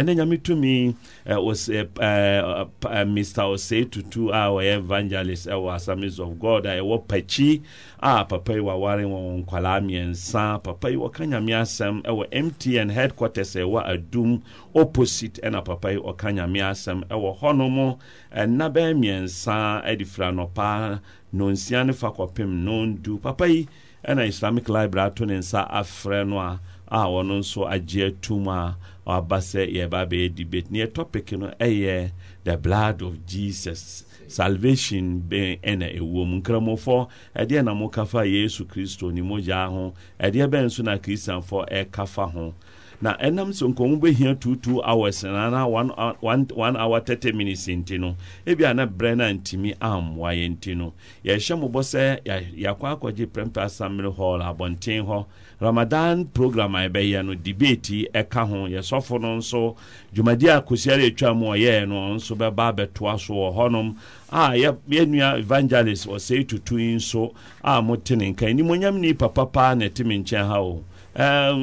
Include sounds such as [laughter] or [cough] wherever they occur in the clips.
ɛnɛ nyame tumi uh, uh, uh, mr osei tutu a wɔyɛ evangelist ɛwɔ assemblies of god a ɛwɔ pakyi a ah, papa yi waware wɔn nkwalaa mmiɛnsa papa yi wɔka nyame asɛm ɛwɔ mtn headquarters ɛwɔ eh, adum opposite ɛna papa yi ɔka nyame asɛm ɛwɔ hɔnom ɛna eh, bɛyɛ mmiɛnsa ɛde eh, fira nɔpa nonsia ne fa kɔpem nondu papa yi ɛna islamic library ato ne nsa afrɛ ah, no a a wɔno nso agye atum a ɔaba sɛ yɛba bɛyɛ debate neɛ topic no ɛyɛ the blood of jesus salvation bɛn ɛna ɛwɔ mu nkramofo ɛdeɛ na mokafa yesu kristo ne mogyaa ho ɛdeɛ bɛn nso na kristianfo ɛkafa ho na ɛnam sɛ nkɔmmu bɛhia 22 hours nana 1 uh, hour 30 minutes nti no ebia na berɛ no antimi ammoa yɛ nti no yɛhyɛ mobɔ sɛ yɛakɔ akɔgye prɛmpɛ assembly hall abɔnten hɔ ramadan program a yɛbɛyɛ no debate ɛka ho yɛsɔfo no nso dwumadi a kosiare atwa mu ɔyɛɛ no nso bɛba abɛtoa so wɔ hɔnom a yɛnua evangelist ɔsɛe tutu yi nso a mote ne nka nimonyam ni papa paa na ɛte me nkyɛn ha o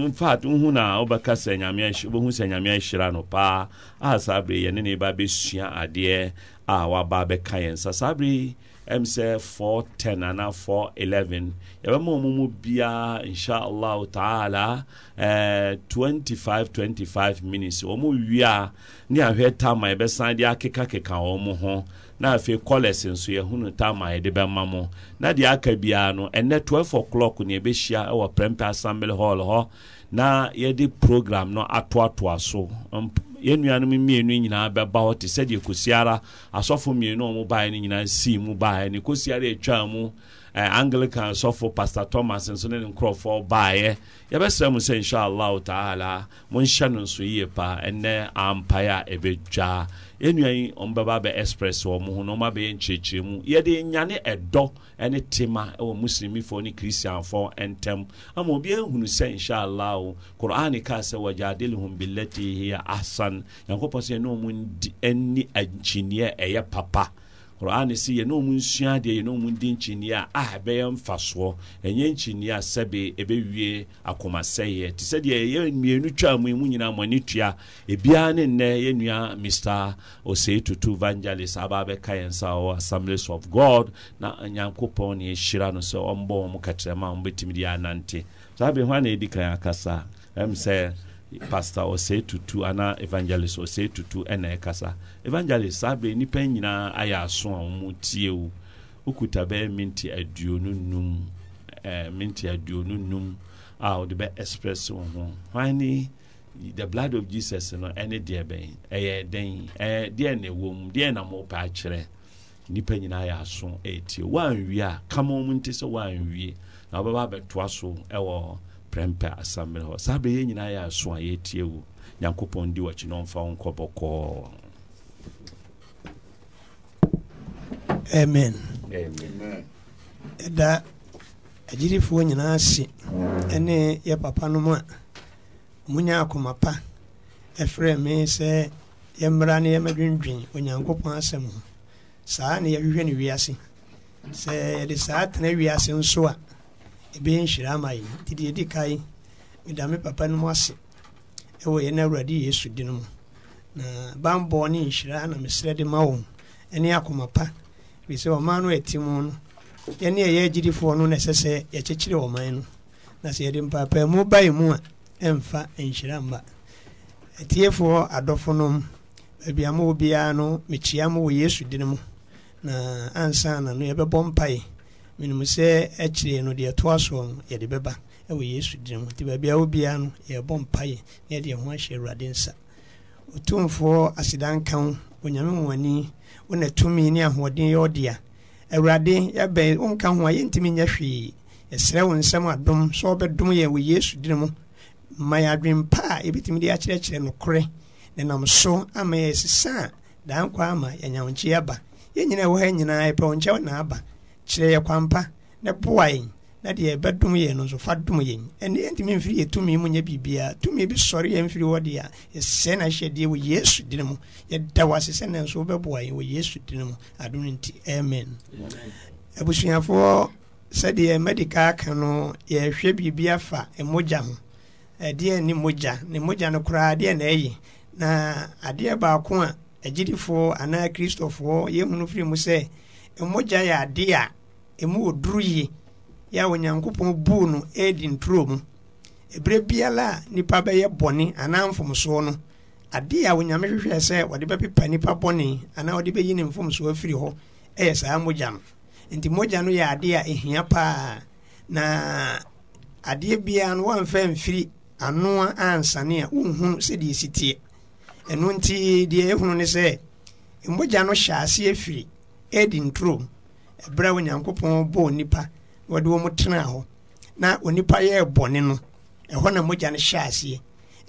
infact wohu na wobɛka sɛ nyame wobɛhu sɛ nyame ahyira no paa a saa bere yɛne ne ba bɛsua adeɛ a waba bɛka yɛn nsa saa bere ɛm sɛ 410 anaa 411 yɛbɛma ɔmo mu biara inshallah taala eh, 25 25 minutes ɔmo wie ni ne ahwɛ tam a yɛbɛsan de akekakeka ɔmo ho na afei kɔlɛs nso yɛhunu tam a yɛde bɛma mo na deɛ aka biara no ɛnɛ 12 o'clock ne yɛbɛhyia ɛwɔ prempa assembly hall ho. na yɛde program no atoatoa so yɛn nuanom mmienu nyinaa bɛba hɔ te sɛdeɛ kosiara asɔfo mmienu a wɔn baeɛ no nyinaa sii mu baeɛ ne kosiara atwa mu ɛɛ anglican asɔfo pastor thomas nso ne ne nkurɔfoɔ baeɛ yɛbɛsrɛ mo sɛ inshallah taala mo nhyɛ no nso yie paa ɛnɛ ampaya ɛbɛdwa ɛnua yi ɔmbɛba abɛ express wɔ mo ho na ɔma bɛyɛ nkyerɛkyerɛ mu yɛde nyane ɛdɔ ne tema wɔ muslimifoɔ ne christianfoɔ ntɛm ama obiara hunu sɛ inshallah o quran kaa sɛ wajadilhum billati hiya ahsan nyankopɔn sɛ ɛne ɔmu ani nkyinneɛ ɛyɛ papa qur'an sɛ yɛne ɔmu nsua adeɛ yɛne ɔmu di nkyinni a a ah, ɛbɛyɛ mfasoɔ ɛnyɛ nkyinni a sɛbe ɛbɛwie akomasɛeɛ te sɛdeɛ ɛyɛ mmienu twa mu mu nyinaa mɔne tua ebiara ne nnɛ yɛnua mr osei tutu vangelis aba bɛka yɛn sa ɔwɔ assemblies of god na nyankopɔn ne ɛhyira no sɛ ɔmbɔ ɔ mu kakyerɛma a ɔmbɛtumi de anante saa bɛ ho ana ɛdi kan akasa ɛm sɛ pastor ɔsɛe tutu ana evangelist ɔsɛe tutu ɛna ɛkasa evangelist saa bɛɛ nipa nyinaa ayɛ aso a wɔn tie o okuta bɛyɛ minti aduonu num ɛɛ eh, minti aduonu num a wɔde bɛ express wɔn ho wɔn ni the blood of jesus no ɛne deɛ bɛn ɛyɛ den ɛɛ deɛ na ɛwɔ mu deɛ na mo pa akyerɛ nipa nyinaa ayɛ aso ɛɛtie wɔn anwie a kama wɔn ti sɛ wɔn anwie na wɔbɛba abɛtoa so ɛwɔ. prɛmpɛ asamblɛ hɔ saa bɛyɛ nyinaa yɛ aso a yɛtie wo nyankopɔn di wakyi no ɔmfa wo nkɔ amen ɛda agyirifoɔ nyinaa se ɛne yɛ papa no mu a munya akoma pa ɛfrɛ me sɛ yɛmmra ne yɛmadwendwen onyankopɔn asɛm ho saa ne yɛhwehwɛ no wiase sɛ yɛde saa tena wiase nso a ɛbɛyɛ nhyira ama yɛn nti deɛ ɛdi kan meda me papa no mu ase ɛwɔ yɛn awurade yesu din mu na banbɔ ne nhyira na mesrɛ de ma wɔn ɛne akoma pa firi sɛ ɔman no ɛte mu no yɛne ɛyɛ agyidifoɔ no na ɛsɛ sɛ yɛkyekyere ɔman no na sɛ yɛde mpaapaamu ba yɛ mu a ɛmfa nhyira mba atiefoɔ adɔfonom baabi a mowɔ biara no mekyia mo wɔ yesu din mu na ansa na no yɛbɛbɔ mpaeɛ menim sɛ akyire no deɛ ɛtoa soɔ no yɛde bɛba ɛwɔ yesu din mu nti baabia wo biara no yɛbɔ mpaeɛ na yɛde ho ahyɛ awurade nsa ɔtumfoɔ asedanka onyame wani wo na tumi ne ahoɔden yɛ ɔdea awurade yɛbɛn wonka ho a yɛntumi nyɛ hwee yɛsrɛ wo nsɛm adom sɛ wɔbɛdom yɛ wɔ yesu din mu ma a yɛbɛtumi de akyerɛkyerɛ nokorɛ ne nam so ama yɛsesa a daa nkwa ama aba aba kyerɛ yɛ kwampa na boa yɛn na deɛ ɛbɛdom yɛn no nso fa dom yɛn ɛne yɛntumi mfiri yɛ tumi mu nyɛ biribiaa tumi bi sɔre yɛn mfiri hɔ deɛ a yɛsɛe na hyɛ deɛ wɔ yesu din mu yɛda wo ase sɛne nso wobɛboa yɛn wɔ yesu din mu adom no nti amen abusuafoɔ sɛdeɛ medical ka no yɛhwɛ biribi afa mmogya ho ɛdeɛ ne mogya ne mogya no koraa deɛ na ɛyɛ na adeɛ baako a agyidifoɔ anaa kristofoɔ yɛhunu firi mu sɛ mogya yɛ adeɛ a ɛmu wɔ duru yie yɛ a onyankopɔn buu no edi nturo mu ebere biara a nipa bɛyɛ bɔne anaa mfomsoɔ no adeɛ a onyame hwehwɛ sɛ wɔde bɛpepa nipa bɔne anaa wɔde bɛyi ne mfomsoɔ afiri hɔ ɛyɛ saa mogya no nti mogya no yɛ adeɛ a ehia paa na adeɛ biara no wɔmfa mfiri anoa ansane a wonhunu sɛdeɛ si teɛ ɛno nti deɛ ɛhunu ne sɛ mogya no hyɛ aseɛ firi edi nturo ɛberɛ a onyankopɔn bɔɔ nipa na wɔde wɔn tenaa hɔ na onipa yɛɛ bɔne no ɛhɔ na mogya no hyɛ aseɛ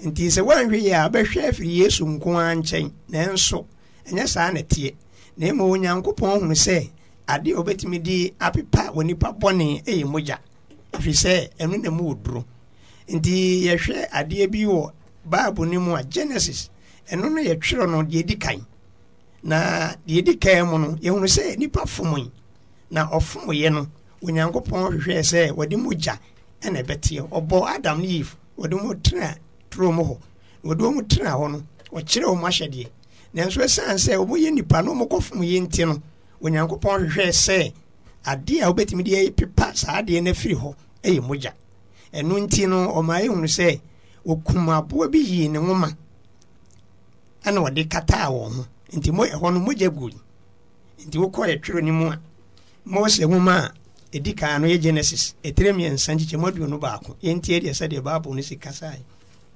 nti sɛ woanhwɛ yie a wobɛhwɛ afiri yesu nko ara nkyɛn nanso ɛnyɛ saa na ɛteɛ na mmom onyankopɔn hunu sɛ adeɛ a wobɛtumi de apepa onipa bɔne ɛyɛ mogya ɛfiri sɛ ɛno na mu wɔ duro nti yɛhwɛ adeɛ bi wɔ baabu no mu a genesis ɛno no yɛtwerɛ no deɛ di kan na yɛdi kan mu no yɛhunu sɛ nipa fomui na ɔfomuyɛ no onyankopɔn hwehwɛɛ sɛ wɔde mu gya ɛna ɛbɛteɛ ɔbɔ adam ne eve wɔde mu tena turo mu hɔ wɔde mu tena hɔ no ɔkyerɛ wɔn ahyɛdeɛ nanso sɛ wɔn yɛ nipa na wɔn kɔfom yɛ nti no onyankopɔn sɛ adeɛ a wɔbɛtumi de pepa saa adeɛ no afiri hɔ ɛyɛ nti no sɛ aboa bi yie ne nwoma ɛna nti mo ɛhɔ no mogya guri nti wokɔɛ twerɛ no mu a mose nwoma a ɛdi kaa no yɛ genesis ɛtirɛ mmiɛnsa nkyekyɛ mu aduonu baako yɛntie deɛ sɛdeɛ bible no si kasae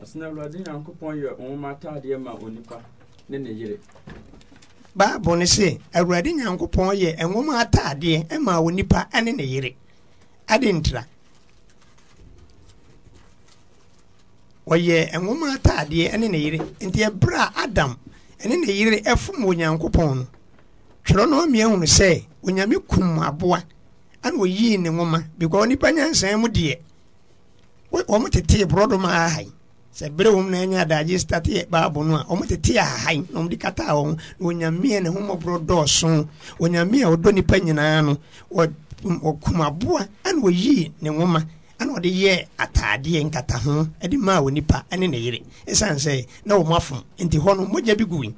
ɔsena awurade nyankopɔn yɛ nwoma ataadeɛ ma onipa ne ne yere bible no se awurade nyankopɔn yɛ nwoma ataadeɛ ɛma onipa ne ne yere ade ntra wɔyɛ nwoma ataadeɛ ne ne yere nti ɛberɛ a adam ɛne ne yere ɛfom onyankopɔn no twerɛ no ɔmmea hunu sɛ onyame kum aboa ana oyii ne nwoma because nipa nyansan mu deɛ wɔn tete borɔdɔm ahahan sɛ bere wɔn na ɛnyɛ adagye sitati baabo no a wɔn tete ahahan na wɔn de kata wɔn na onyame ne homɔborɔ dɔɔso onyame a ɔdɔ nipa nyinaa no ɔkum aboa ana oyii ne nwoma. ɛna ɔde yɛ ataadeɛ nkata ho ɛde maa wɔ nipa ɛne ne yere ɛsan sɛ na wɔn afom nti hɔ no mogya bi gui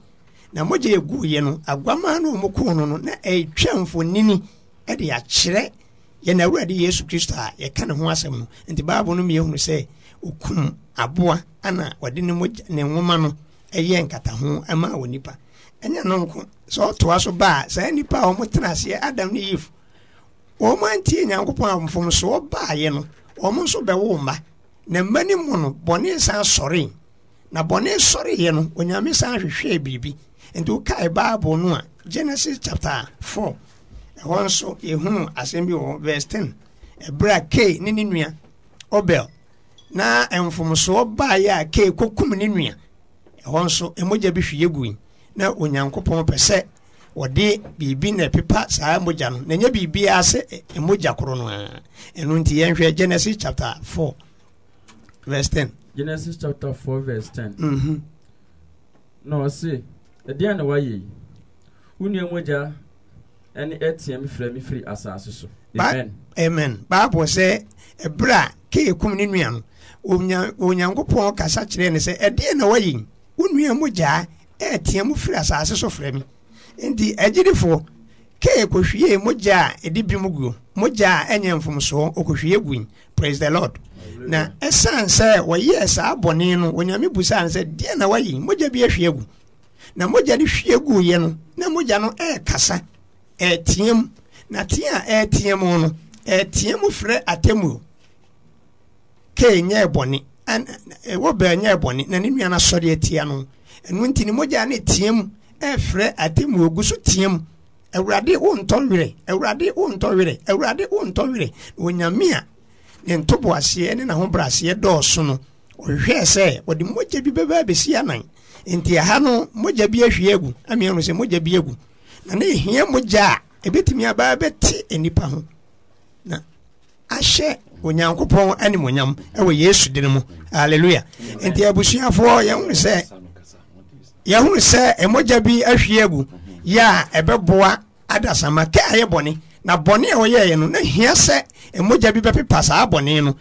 na mogya yɛ guiɛ no agwama no wɔn kɔn no no na ɛretwa mfonini ɛde akyerɛ yɛn awurade yesu kristo a yɛka ne ho asɛm no nti baabu no mmienu sɛ okum aboa ana ɔde ne mogya ne nwoma no ɛyɛ nkata ho ɛmaa wɔ nipa ɛnyɛ no nko sɛ ɔtoa so baa saa nipa a wɔn tena aseɛ adam ne yif wɔn antie nyankopɔn a wɔn fom so ɔbaayɛ no. wɔn nso bɛwo mma na mma no mu no bɔne san sɔre na bɔne sɔreeɛ no onyame san hwehwɛɛ biribi nti wokae bible no a genesis chapter four. ɛhɔ nso yɛhunu asɛm bi wɔ verse ten, ɛberɛ a kei ne ne nua obel na mfomsoɔ baeɛ a kei kokum ne nua ɛhɔ nso mogya bi hweyɛ gui na onyankopɔn pɛ sɛ wɔde biribi na ɛpepa saa mogya no na ɛnyɛ biribiaa sɛ mogya koro no a ɛno nti yɛnhwɛ genesis chapter 4 verse 10 genesis chapter 4 verse 10 mm-hmm. na ɔse ɛdeɛ na wayɛ yi wo nua mogya ɛne ɛteɛ me frɛ me firi asase so amen amen baabɔ sɛ ɛberɛ a keekum ne nua no onyankopɔn kasa kyerɛ ne sɛ ɛdeɛ na wayɛ yi wo nua mogyaa ɛteɛ mu firi asase so frɛ me nti agyinifoɔ kee kɔhwie mogya a ɛde bi mu gu mogya a ɛnyɛ mfomsoɔ ɔkɔhwie gu praise the lord na ɛsiane sɛ wɔyɛɛ saa bɔne no onyame busaa no sɛ deɛ na wayi mogya bi ahwie agu na mogya no hwie guiɛ no na mogya no ɛɛkasa ɛɛteam na tea a ɛɛteɛ mu no ɛɛteɛ mu frɛ atemmuo kee nyɛɛ bɔne wɔ bɛɛ nyɛɛ bɔne na ne nua no asɔre atia no ɛno nti ne mogya no ɛteam ɛfrɛ ade mu ogu so team awurade ntɔ werɛ awurade wontɔ werɛ awurade wontɔ werɛ onyame a ne ntoboaseɛ ne nahobraseɛ dɔɔso no ɔhwehwɛɛ sɛ wɔde mogya bi bɛbɛ abɛsi anan nti ɛha no mogya bi ahwie agu ameɛno sɛ mogya bi agu na ne ɛhia mogya a ɛbɛtumi abaa bɛte nnipa ho na ahyɛ onyankopɔn animonyam ɛwɔ yesu din mu aleluya nti abusuafoɔ yɛhunu sɛ yɛhunu sɛ mmogya bi ahwie agu yɛ a ɛbɛboa adasama kɛ ayɛ bɔne na bɔne a wɔyɛɛ no na hia sɛ mmogya bi bɛpepa saa bɔne no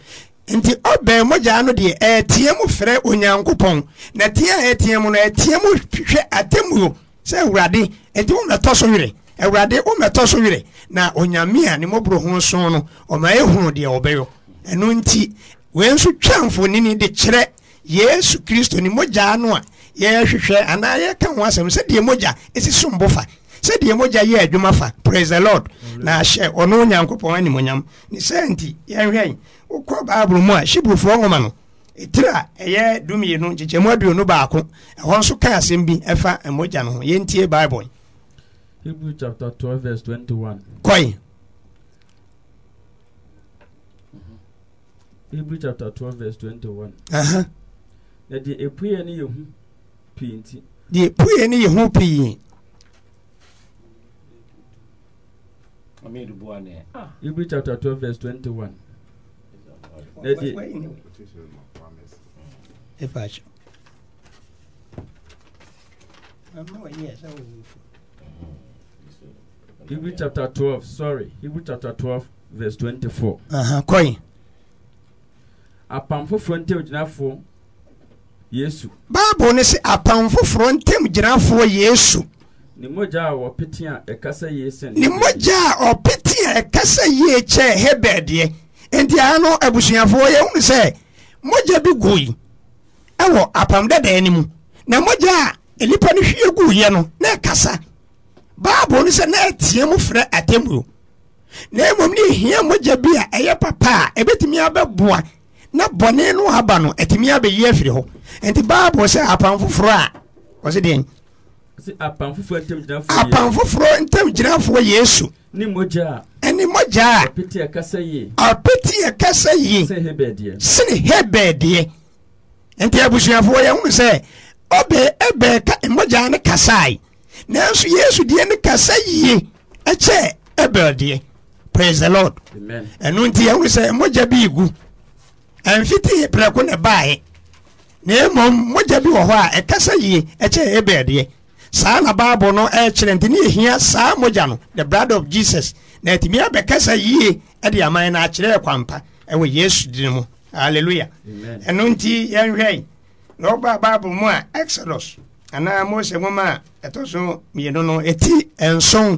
nti ɔbɛn mmogya no deɛ ɛɛteɛ mu frɛ onyankopɔn na teɛ a ɛɛteɛ mu no ɛɛteɛ mu hwɛ atemmuo sɛ awurade nti wɔn na ɛtɔ so werɛ awurade wɔn na ɛtɔ so werɛ na onyame a ne mɔboro ho so no ɔma ehunu deɛ ɔbɛyɔ ɛno nti wɔn nso twa mfonini de kyerɛ yesu kristo ne mogya no a yɛhwehwɛ anaa yɛka ho asɛm sɛdeɛ mogya ɛsi som bo fa sɛdeɛ mogya yɛ adwuma fa praise the lord na ahyɛ ɔno onyankopɔn animonyam ne sɛ nti yɛnhwɛn wokɔ bible mu a hyebrufoɔ nwoma no ɛtiri a ɛyɛ dumienu nkyekyɛmu aduonu baako ɛhɔ nso ka asɛm bi ɛfa mogya no ho yɛntie bible Hebrew chapter 12 verse 21. Koi. Hebrew chapter 12 verse 21. Uh-huh. Na deɛ ɛpuiɛ no pii nti deɛ puiɛ no yɛ ho pii ah. Hebrew chapter 12 verse 21 ɛfaakyɛ mm-hmm. Hebrew chapter twelve. sorry, Hebrew chapter twelve, verse twenty-four. uh -huh. kɔi. Apam foforɔ ntam gyinafoɔ yesu bible no sɛ apam foforɔ ntam gyinafoɔ yesu ne mogya a ɔpete a ɛkasa yie sɛn ne mogya a ɔpete a ɛkasa yie kyɛ heber deɛ enti aha no abusuafoɔ yɛhunu sɛ mogya bi gui ɛwɔ apam dadaa no mu na mogya a nnipa no hwie guiɛ no na ɛkasa bible no sɛ na ɛteɛ mu frɛ atemmuo na mmom ne ɛhia mogya bi a ɛyɛ papa a ɛbɛtumi abɛboa na bɔne no aba no atumi abɛyi afiri hɔ nti bible sɛ apan foforɔ a ɔse deɛn apan foforɔ ntamgyinafoɔ yesu ne mmɔgya a ɔpete ɛkasa yie sene hebel deɛ nti abusuafoɔ yɛhunu sɛ ɔbɛ ɛbɛɛ mmɔgya ne kasae nanso yesu deɛ ne kasa yie ɛkyɛ ebel deɛ praise the lord ɛno nti yɛhunu sɛ mmɔgya bi gu ɛnfiti prɛko na baeɛ na mmom mogya bi wɔ hɔ a ɛkasa yie ɛkyɛ ɛbɛ deɛ saa na baabo no ɛkyerɛ nti ne yɛhia saa mogya no the blood of jesus na atumi abɛkasa yie ɛde aman no akyerɛ kwampa ɛwɔ yesu din mu hallelujah ɛno nti yɛnhwɛ yi na ɔba baabo mu a exodus anaa mose nwoma a ɛtɔ so mmienu no ɛti nson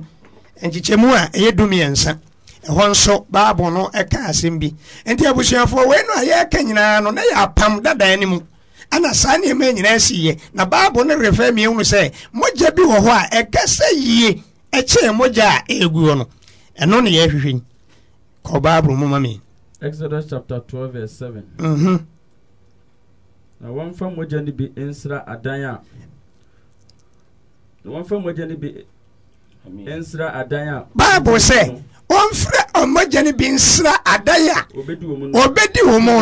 nkyekyɛmu a ɛyɛ du mmiɛnsa ɛhɔ nso baabu no ɛka asɛm bi nti abusuafoɔ wei no a yɛreka nyinaa no na yɛ apam dadan no mu ana saa nneɛma nyinaa siiɛ na baabu no refɛ mmienu sɛ mogya bi wɔ hɔ a ɛka sɛ yie ɛkyɛn mogya a ɛgu no ɛno na yɛrehwehwɛ kɔ bible mu ma me exodus chapter twelve verse seven. Mm-hmm. na wɔmfa mogya no bi nsra adan a na wɔmfa mogya no bi nsra adan a Baabu sɛ wɔmfrɛ ɔmmɔgya no bi nsra adae a ɔbɛdi wɔ mu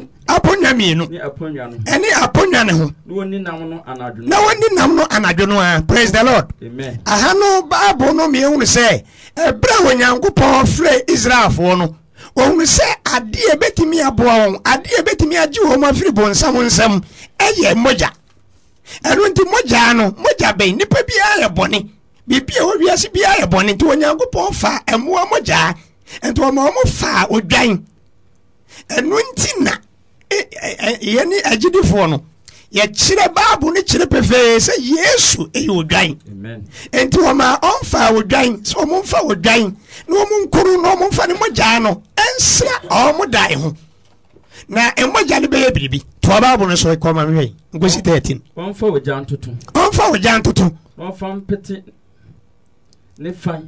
no aponnwa mmienu ɛne aponnwa ne ho na wɔnni nam no anadwo no a ah, praise the lord aha no bible no meɛhunu sɛ ɛberɛ a onyankopɔn frɛ israelfoɔ no ɔhunu sɛ adeɛ bɛtumi aboa wɔn adeɛ bɛtumi agye wɔn afiri bonsam nsam ɛyɛ mmɔgya ɛno nti mmɔgyaa no mmɔgya bɛn nnipa biara yɛ bɔne biribi a ɛwɔ wiase biara yɛ bɔne nti onyankopɔn fa ɛmmoa mogyaa nti ɔma ɔmo faa odwan ɛno nti na e, e, e, yɛne agyidifoɔ no yɛkyerɛ baabu no kyerɛ pefee sɛ yesu ɛyɛ odwan enti wɔma ɔmfa odwan sɛ ɔmomfa odwan na ɔmo nkoro na ɔmomfa ne mogyaa no ɛnsra ɔmo dae ho na mogya no bɛyɛ biribi toa baabu no so kɔma mehwɛ nkosi 13 ɔmfa ogya ntoto ɔmfa ogya ntoto ɔmfa mpete ne fan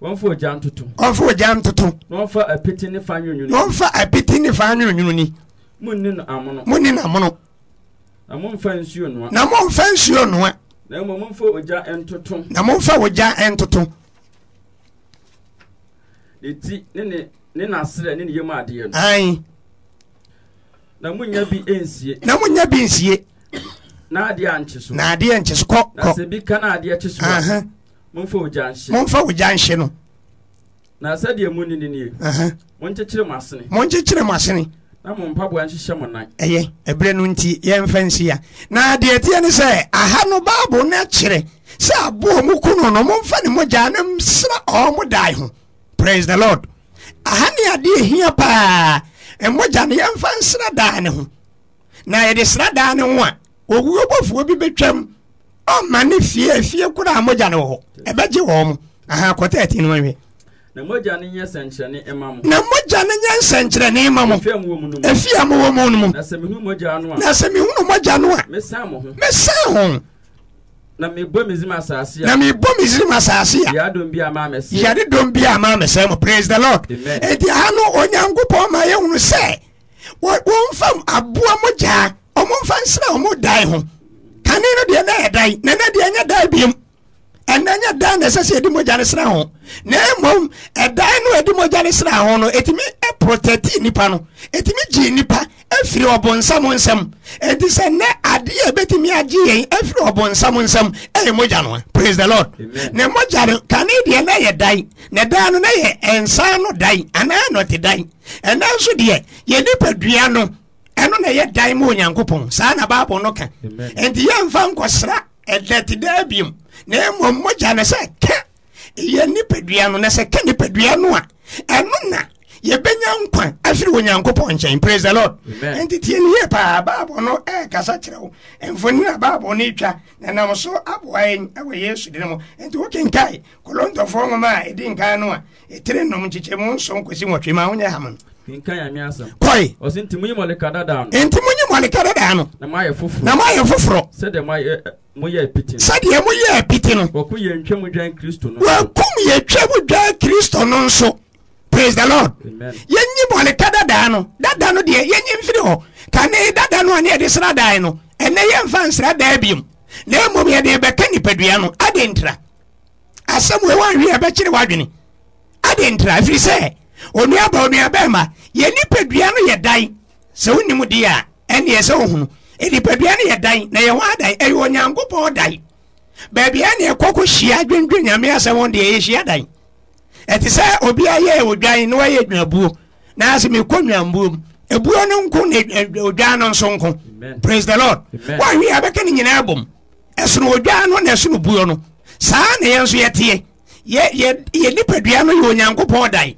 wɔmfa ogya ntoto wɔmfa ogya ntoto na wɔmfa apiti ne fa nwonwini na wɔmfa apiti ne fa nwonwini munni no amono munni no amono na momfa nsuo noa na momfa nsuo noa na mmom momfa ogya ntoto na momfa ogya ntoto ne ti ne ne ne n'aserɛ ne ne yam adeɛ no ayi na munya bi nsie na munya bi nsie na adeɛ ankye so na adeɛ ankye so kɔ kɔ na sɛ ka na adeɛ momfa wogya nhye no na sɛdeɛ mu ni nie monkyekyere mo asene monkyekyere mo na mo mpaboa nhyehyɛ mo nan ɛyɛ ɛberɛ no nti yɛmfa nsi na deɛ ɛteɛ ne sɛ aha no baabo no akyerɛ sɛ aboɔ mu ku no no momfa ne mogyaa no msra ɔɔ mo dae ho praise the lord aha ne adeɛ hia paa mogya no yɛmfa nsra daa ne ho na yɛde sra daa ne ho a owuo bɔfoɔ bi bɛtwam ɔma ne fie fie koraa mogya ne wɔ hɔ ɛbɛgye wɔ mu aha kɔtɛ ni no mawie na mogya no nyɛ nsɛnkyerɛnne ma mo ɛfi a mowɔ mu no mu na sɛ mehunu mogya no a mesan ho na mebɔ mesirim asase a yɛde dɔm bi a maa mesɛe mo praise the lord enti ha no onyankopɔn ma yɛhunu sɛ abu aboa mogyaa ɔmomfa nsra ɔmo dae ho kane no deɛ na yɛ dan na ne deɛ nyɛ dan biem ɛna nyɛ dan na ɛsɛ sɛ yɛde mogya no sra ho na mmom ɛdan no a yɛde mogya no sra ho no ɛtumi ɛprotɛti nipa no ɛtumi gye nipa ɛfiri ɔbɔnsam nsɛm ɛti sɛ nɛ adeɛ a ɛbɛtumi agye yɛn ɛfiri ɔbɔnsam nsɛm ɛyɛ mogya no praise the lord na mogya no kane deɛ na yɛ dan na dan no na yɛ nsa no dan anaa nɔte dan ɛna nso deɛ yɛ nipadua no ɛno na ɛyɛ dan ma onyankopɔn saa na bible no ka ɛnti yɛmfa nkɔsra ɛdɛte daa biom na mmom mogya no sɛ ka ɛyɛ nipadua no na sɛ ka nipadua no a ɛno na yɛbɛnya nkwa afiri onyankopɔn nkyɛn praise the lord ɛnti tie no yie paa bible no ɛɛkasa kyerɛ wo mfoni a bible no etwa na so aboa yɛn ɛwɔ yesu din mu ɛnti wokenkae kolontofoɔ nwoma a ɛdi nkan no a ɛtire nnom nkyekyɛmu nso nkosi nwɔtwe ma wonyɛ hama no kɔe nti monyi mɔlekada daa no na moayɛ foforɔ sɛdeɛ moyɛɛ piti no wakum yɛntwam dwan kristo no nso praise the lord yɛnyi mɔlekada daa no dada no deɛ yɛnyi mfiri hɔ kane dada no a ne yɛde sra daa no ɛnɛ yɛmfa nsra daa biom na mmom yɛde bɛka nipadua no adɛntira asɛm wei wanhwe ɛbɛkyere w'adwene Adentra. ɛfiri sɛ onuaba onuabɛrima yɛ nipadua no yɛ dan sɛ wonim deɛ a ɛneɛ sɛ wohunu nipadua no yɛ dan na yɛho adan ɛyɛ onyankopɔn dan baabi a ne ɛkɔ kɔ hyia dwendwen nyame asɛm deɛ yɛhyia dan ɛte sɛ obi ayɛ odwan na wayɛ dwabuo naasɛ mekɔ nwambuom ebuo no nko na e, e, odwan no nso nko praise the lord wɔahwe a bɛka ne nyinaa bom ɛsono odwan no na ɛsono buo no saa na yɛn nso yɛteɛ yɛ nipadua no yɛ onyankopɔn dan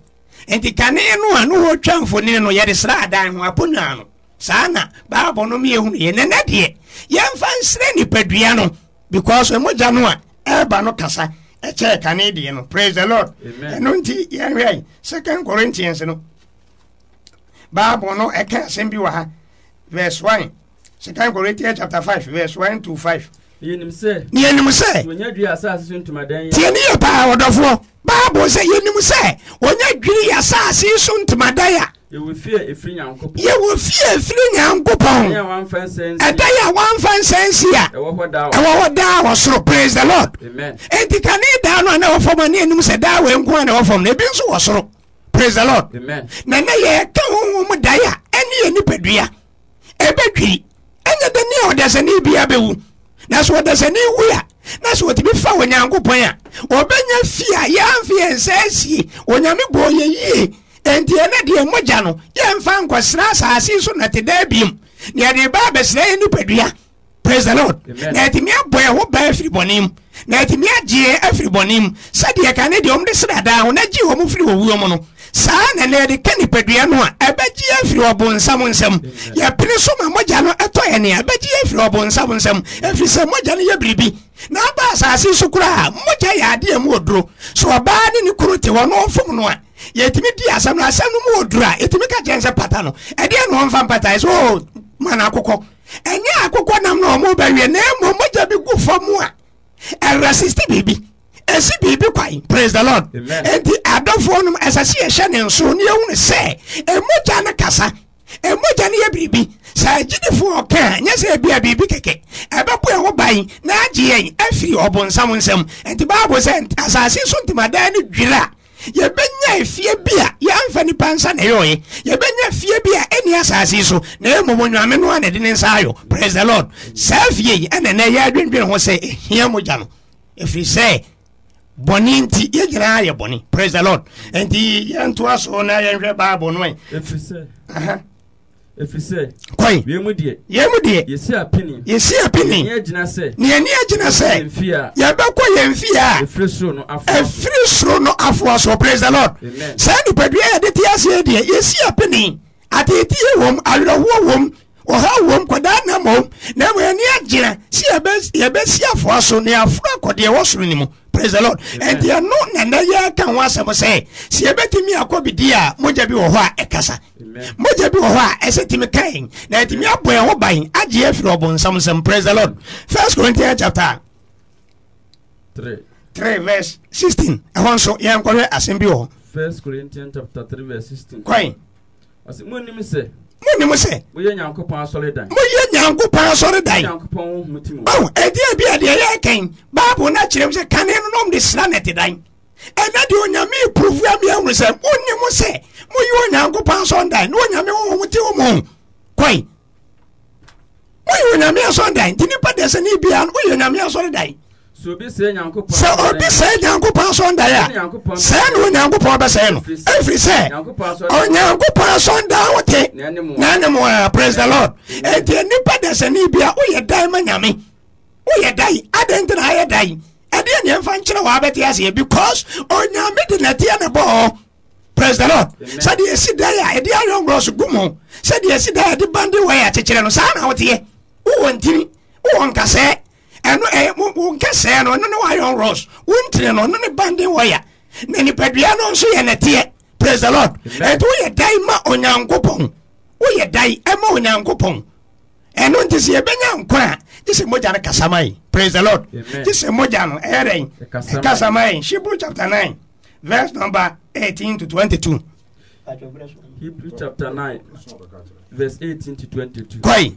nti kane no a ne wɔtwa mfoni no yɛde sra adan ho aponnua no saa na baabɔ no meyɛhunu yɛ nɛnɛ deɛ yɛmfa nsrɛ no because mogya no a no kasa ɛkyɛɛ kane deɛ no praise the lord ɛno nti yɛhwɛ second corinthians no baabɔ no ɛka asɛm bi wɔ ha verse 1 second corinthians chapter 5 verse 1 to 5 yɛnim sɛ tiɛ ne yɛ paa ɔdɔfoɔ baabo sɛ yɛnim sɛ ɔnya dwiri yɛ asase so ntomadan a yɛwɔ fie ɛfiri nyankopɔn ɛda yɛ a wɔamfa nsɛnsi a ɛwɔ hɔ daa wɔ soro praise the lord enti ka ne daa no a na ɛwɔ fam a ne anim sɛ daa wɔ nko a na ɛwɔ fam no ebi nso wɔ soro praise the lord na na yɛka honhom dae a ɛne yɛ nipadua ɛbɛdwiri ɛnyɛ dɛ ne a ɔdɛsɛne bia bɛwu na sɛ wɔda sɛ ne wu a na sɛ wɔtumi fa onyankopɔn a wɔbɛnya fie a yɛamfe yɛn nsa asie onyame bɔɔ yɛ yie ɛnti ɛne deɛ mogya no yɛmfa nkɔsena asase so na te daa biom na yɛde ba abɛsrɛ yɛ nipadua praise the lord na yɛtumi abɔ ɛho ba afiri bɔne mu na yɛtumi agyeɛ afiri bɔne mu sɛdeɛ ka ne deɛ ɔmde sradaa ho na gye wɔ mu firi wɔwuo mu no saa na na yɛde kɛ nipadua no a ɛbɛgye afiri ɔbonsam nsam yɛpene so ma mogya no ɛtɔ yɛ nea ɛbɛgye afiri ɔbonsam nsam ɛfiri sɛ mogya no yɛ biribi na aba asase so koraa mogya yɛ adeɛ mu ɔduro so ɔbaa ne ne kuro te hɔ na ɔfom no a yɛtumi di asɛm no asɛm no mu ɔduro a yɛtumi ka kyɛn sɛ pata no ɛdeɛ na ɔmfa mpata ɛsɛ ɔɔ oh, ma no akokɔ ɛnyɛ akokɔ nam na ɔmo bɛwie na mmom mogya bi gu fam a ɛresiste biribi ɛsi biribi kwan praise the lord nti adɔfoɔ nom ɛsɛ sɛ yɛhyɛ ne nso ne yɛhu ne sɛ ɛmogya no kasa ɛmogya no yɛ biribi saa agyidifoɔ ɔka a nyɛ sɛ ɛbia biribi kɛkɛ ɛbɛpo ɛho ban na agye yɛn afiri ɔbonsam nsɛm nti bible sɛ asase so ntimadan no dwira a yɛbɛnya efie bi a yɛamfa nipa nsa na ɛyɛ ɔyɛ yɛbɛnya fie bi a ɛni asase so na ɛmu onyame no a na ɛde ne nsa ayɔ praise the lord saa fie yi ɛna na ɛyɛ adwendwen ho sɛ ehia mogya no ɛfiri sɛ bɔnni nti yɛ nyinaa yɛ bɔnni praise the lord nti yɛn to aso na yɛn hwɛ baabu no e. ye. efisɛ efisɛ. kɔyi yɛn mu deɛ. yɛsi apini. yɛsi apini. yɛn gyina sɛ. ni yɛn ni yɛn gyina sɛ. yɛn yɛbɛkɔ yɛn fi a. efiri soro no afo. efiri aso praise the lord. amen sɛ nipadua yɛ de ti aseɛ deɛ yɛsi apini ateetee wɔm awerɛhoɔ wɔm ɔha wɔm kɔdaa nam wɔm na wɔn ani agyina si yɛbɛsi afo aso na yɛaforo akɔdeɛ wɔ soro ne mu praise the lord ɛnti ɛno na ɛyɛ ka ho asɛm sɛ sɛ yɛbɛtumi akɔ bidi a mogya bi wɔ hɔ a ɛkasa mogya bi wɔ hɔ a ɛsɛ tumi kae na ɛtumi abɔ ɛho ban agye afiri ɔbɔnsamsɛm praise the lord first corinthians chapter three, 3 verse sixteen. ɛhɔ nso yɛnkɔhwɛ asɛm bi wɔ hɔ corinthians chapter three, verse sixteen. 16 kwan ni mi sɛ munim sɛ moyɛ nyankopɔn asɔre dan ɛdeɛ bi ɛdeɛ yɛ kɛn bible no akyerɛm sɛ kane no nom de sra nɛte dan ɛnɛ deɛ onyame purufu ami ahunu sɛ monim sɛ moyɛ onyankopɔn asɔre dan na onyame wohom te wo mu kɔe moyɛ onyame asɔre dan nti nipa deɛ sɛ ne bia no woyɛ onyame asɔre dan sɛ obi sɛe nyankopɔn asɔndae a sɛe ne wo nyankopɔn bɛsɛe no ɛfiri sɛ onyankopɔn asɔndaa wote na anem praise the lord ɛnti nnipa dasani bi a woyɛ dan ma nyame woyɛ dai adɛn nti na ayɛ dai ɛdeɛ neɛ mfa nkyerɛ wɔabɛte aseɛ because onyame de nateɛ ne bɔɔ praise the lord sɛdeɛ ɛsi dan a ɛde awɛnworɔ so gu mu sɛdeɛ ɛsi dan a ɛde bande wɔyɛ akyekyerɛ no saa na woteɛ wowɔ ntini wowɔ nkasɛɛ ɛno ɛyɛ wo no ɔno ne wayɔn ros wontene no ɔno ne banden wɔya na nipadua no nso yɛ nɛteɛ praise the lord ɛnti woyɛ dan ma onyankopɔn woyɛ dan ɛma onyankopɔn ɛno nti sɛ yɛbɛnya nkwa a gye mogya no kasama yi praise the lord gye mogya no ɛyɛ dɛn kasama yi hebrew chapter 9 verse number 18 to 22 Hebrew chapter 9, verse 18 to 22. Quay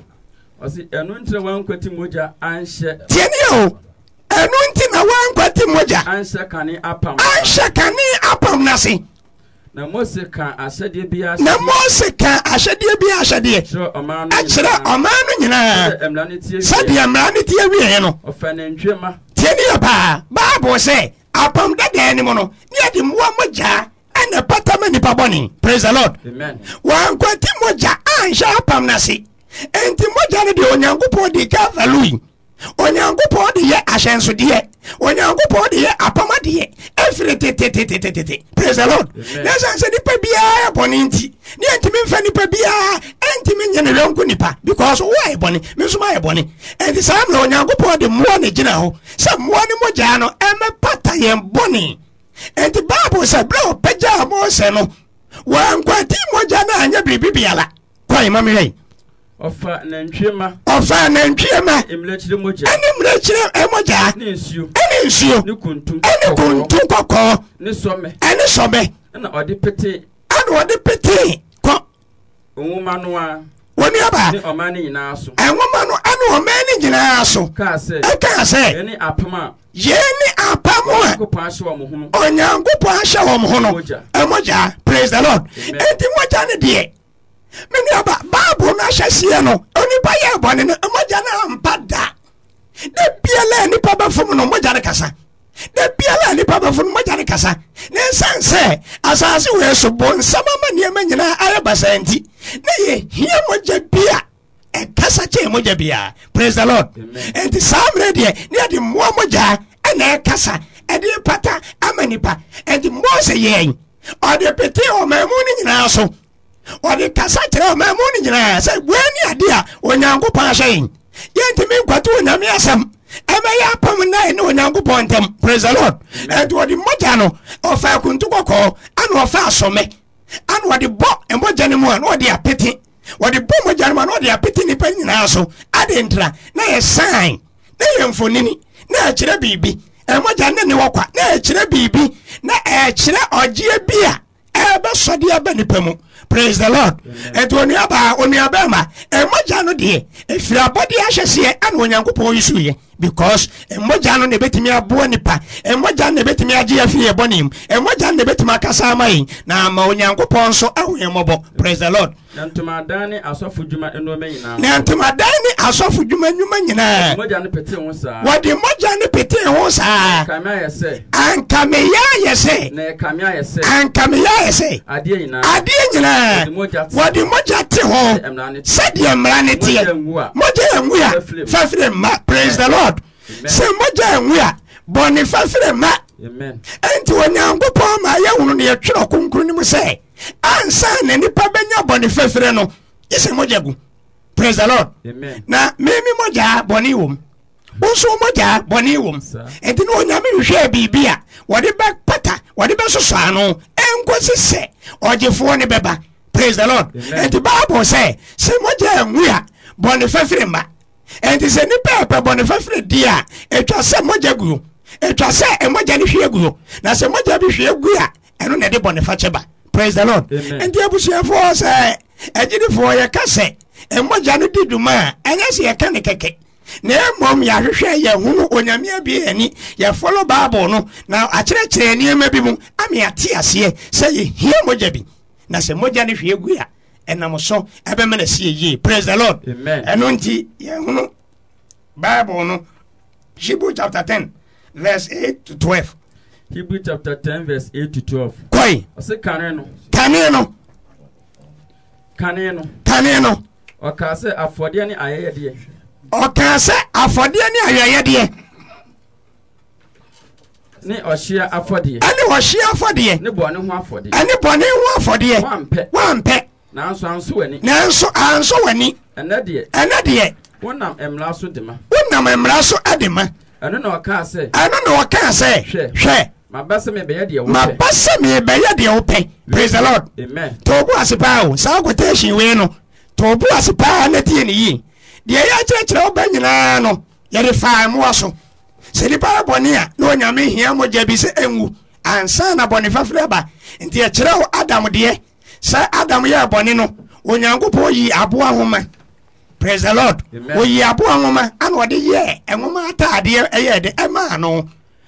ɔsi ɛnu ntina wɔn nkwati mogya anhyɛ. tiɛ o ɛnu ntina wɔn nkwati mogya. anhyɛ kane apam. anhyɛ kane apam n'ase. na mose ka ahyɛdeɛ bi ahyɛdeɛ. na mose ka ahyɛdeɛ bi ahyɛdeɛ. ɛkyerɛ ɔman no nyinaa. sɛdeɛ mmara ne tie wieɛ no. ɔfɛ ne ntwema. tiɛ ni o paa baabu sɛ apam dada anim no ne yɛ de mmoa mogya ɛna pata ma nipa bɔne praise the lord. amen. wɔn nkwati mogya anhyɛ apam n'ase nti mogya no deɛ onyankopɔn de gya value onyankopɔn de yɛ ahyɛnsodeɛ onyankopɔn de yɛ apamadeɛ ɛfiri tetetetetete praise the lord na ɛsiane sɛ nipa biara yɛ bɔne nti ne ɛntumi mfa nipa biara ɛntumi nyɛ ne yɔnko nipa because wo ayɛ bɔne me nso mayɛ bɔne ɛnti saa mmerɛ onyankopɔn de mmoa ne gyina hɔ sɛ mmoa ne mogyaa no ɛmɛpata yɛn bɔne ɛnti bible sɛ berɛ a ɔpɛgyaa mose no wɔankwati mogya no anyɛ biribi biala kɔ ima mehwɛ ɔfa nantwiema ɔfa nantwiema ɛne mmerɛkyerɛ ɛmɔgyaa ɛne nsuo ɛne kuntum kɔkɔɔ ne sɔmɛ ɛne sɔmɛ ɛna ɔde petee ɛna ɔde petee kɔ nwoma no a woni aba ne ɔman ne nyinaa so ɛnwoma no ɛne ɔman ne nyinaa so kaa sɛ ɛkaa sɛ yɛn ne a yɛn ahyɛ wɔn ho no ɔnyankopɔn ahyɛ wɔn ho no ɛmɔgyaa praise the lord eti mɔgyaa ne deɛ me nuaba bible no ahyɛseɛ no onipa yɛ bɔne no mogya no ampa da da biala nipa bɛfom no mogya no kasa ne biala nipa bɛfom no mogya no kasa ne nsan sɛ asase wɔ sobo nsɛm ama nneɛma nyinaa areba saa nti ne yɛhia mogya bi a ɛkasa e kyɛn mogya biara praise the lord nti saa mmerɛ deɛ ne yɛde mmoa mogya ɛna ɛkasa e ɛde pata ama nipa nti mose yɛn ɔde pete ɔman mu no nyinaa so ɔde kasa kyerɛ ɔma mu no nyinaa sɛ bua ne ade a onyankopɔn ahyɛe yɛntumi nkwate onyame asɛm ɛmɛyɛ apam na ɛne onyankopɔn ntɛm praise lord ɛnti ɔde mmɔgya no ɔfa akuntu kɔkɔɔ ana ɔfa asɔmɛ ana ɔde bɔ mmɔgya no mu a na ɔde apete ɔde bɔ mmɔgya no mu a na ɔde apete nnipa nyinaa so ade ntra na yɛ sign na yɛ mfonini na ɛkyerɛ biribi mmɔgya ne ne wɔkwa na ɛkyerɛ biribi na ɛkyerɛ ɔgyeɛ bi a ɛbɛsɔdeɛ aba nnipa mu praise the lord ɛnti if onuabɛrima mmogya no deɛ ɛfiri abɔdeɛ ahyɛseɛ ɛna onyankopɔn yi suyɛ because mmogya no na ɛbɛtumi aboa nipa mmogya no na ɛbɛtumi agye afiri mi mu bonim no na ɛbɛtumi akasa ama yɛn na ama onyankopɔn nso ahu yɛn mmɔbɔ praise the lord na ntomadan ne asɔfo dwuma nneɛma nyinaa. wɔde mɔgya ne pete ho saa. nkame ayɛ sɛ. ankame ayɛ sɛ. adeɛ nyinaa. wɔde mɔgya te hɔ. sɛdeɛ mmara ne teɛ. mɔgya yɛ ngu a. fɛfiri mma praise the lord. sɛ mɔgya yɛ ngu a bɔnne fɛfiri mma ɛnti onyankopɔn ma yɛ hunu ne yɛtwerɛ kronkro no mu sɛ ansa na nnipa bɛnya bɔne fɛfirɛ no yɛsɛ mogya gu praise the lord na memi mogyaa bɔne wom wonso mogyaa bɔne wom ɛnti ne onyame hwehwɛɛ biribi a wɔde bɛpata wɔde bɛsosɔ ano ɛnkɔsi sɛ ɔgyefoɔ ne bɛba praise the lord ɛnti bible sɛ sɛ mogya anwu a bɔne fɛfiri mma ɛnti sɛ nnipa ɛpɛ bɔne fɛfiri di a ɛtwa sɛ mogya guo ɛtwa sɛ ɛmɔgya no hwie gu hɔ na sɛ mɔgya bi hwie gu a ɛno na ɛde bɔne fakyɛ ba praise the lord nti abusuafoɔ sɛ agyidifoɔ yɛka sɛ ɛmɔgya no di dwuma a ɛnyɛ sɛ yɛka ne kɛkɛ na mmom yɛahwehwɛ yɛhono onyame abie ani yɛfɔlɔ bible no na akyerɛkyerɛ nneɛma bi mu ame ate aseɛ sɛ yɛhia mogya bi na sɛ mogya no hwie gu a ɛnam so ɛbɛma no sɛ yɛyie praise the lord ɛno nti yɛhono bible no shibu chapter 10 verse eight to twelve. Hebrew chapter ten verse eight to twelve. kọ́ì. ọ̀sẹ̀ kàní nù. kàní nù. kàní nù. kàní nù. ọ̀kà sẹ́ àfọ̀díẹ́ ní ayẹyẹdíẹ. ọ̀kà sẹ́ àfọ̀díẹ́ ní ayẹyẹdíẹ. ní ọ̀ṣẹ́ afọ̀díẹ. ẹni ọ̀ṣẹ́ afọ̀díẹ. ní bọ̀ọ̀ni hún afọ̀díẹ. ẹni bọ̀ọ̀ni hún afọ̀díẹ. wọ́n pẹ́. wọ́n pẹ́. nanso anso wani. nanso anso wani. ẹnẹ deɛ. ẹnẹ deɛ. wọ́n nam mìíràn so dì ma. wọ́n nam mìíràn so dì ma ɛno na ɔkaa sɛ ɛno na ɔkaa sɛ hwɛ maba sɛ mebɛyɛ deɛ wo pɛ praise the lord tɔ wo bo ase paa o saa quotation wei no tɔ wo bo ase paa na tie ne yie deɛ yɛ akyerɛkyerɛ wo ba nyinaa no yɛde faa mmoa so sɛ nipa yɛ bɔne a na onyame hia mogya bi sɛ ɛnwu ansa na bɔne fafiri aba nti ɛkyerɛ wo adam deɛ sɛ adam yɛ bɔne no onyankopɔn yi aboa ho praise the lord oyi aboa nwoma ana ɔde yɛ nwoma ataadeɛ ɛyɛ de ɛmaa no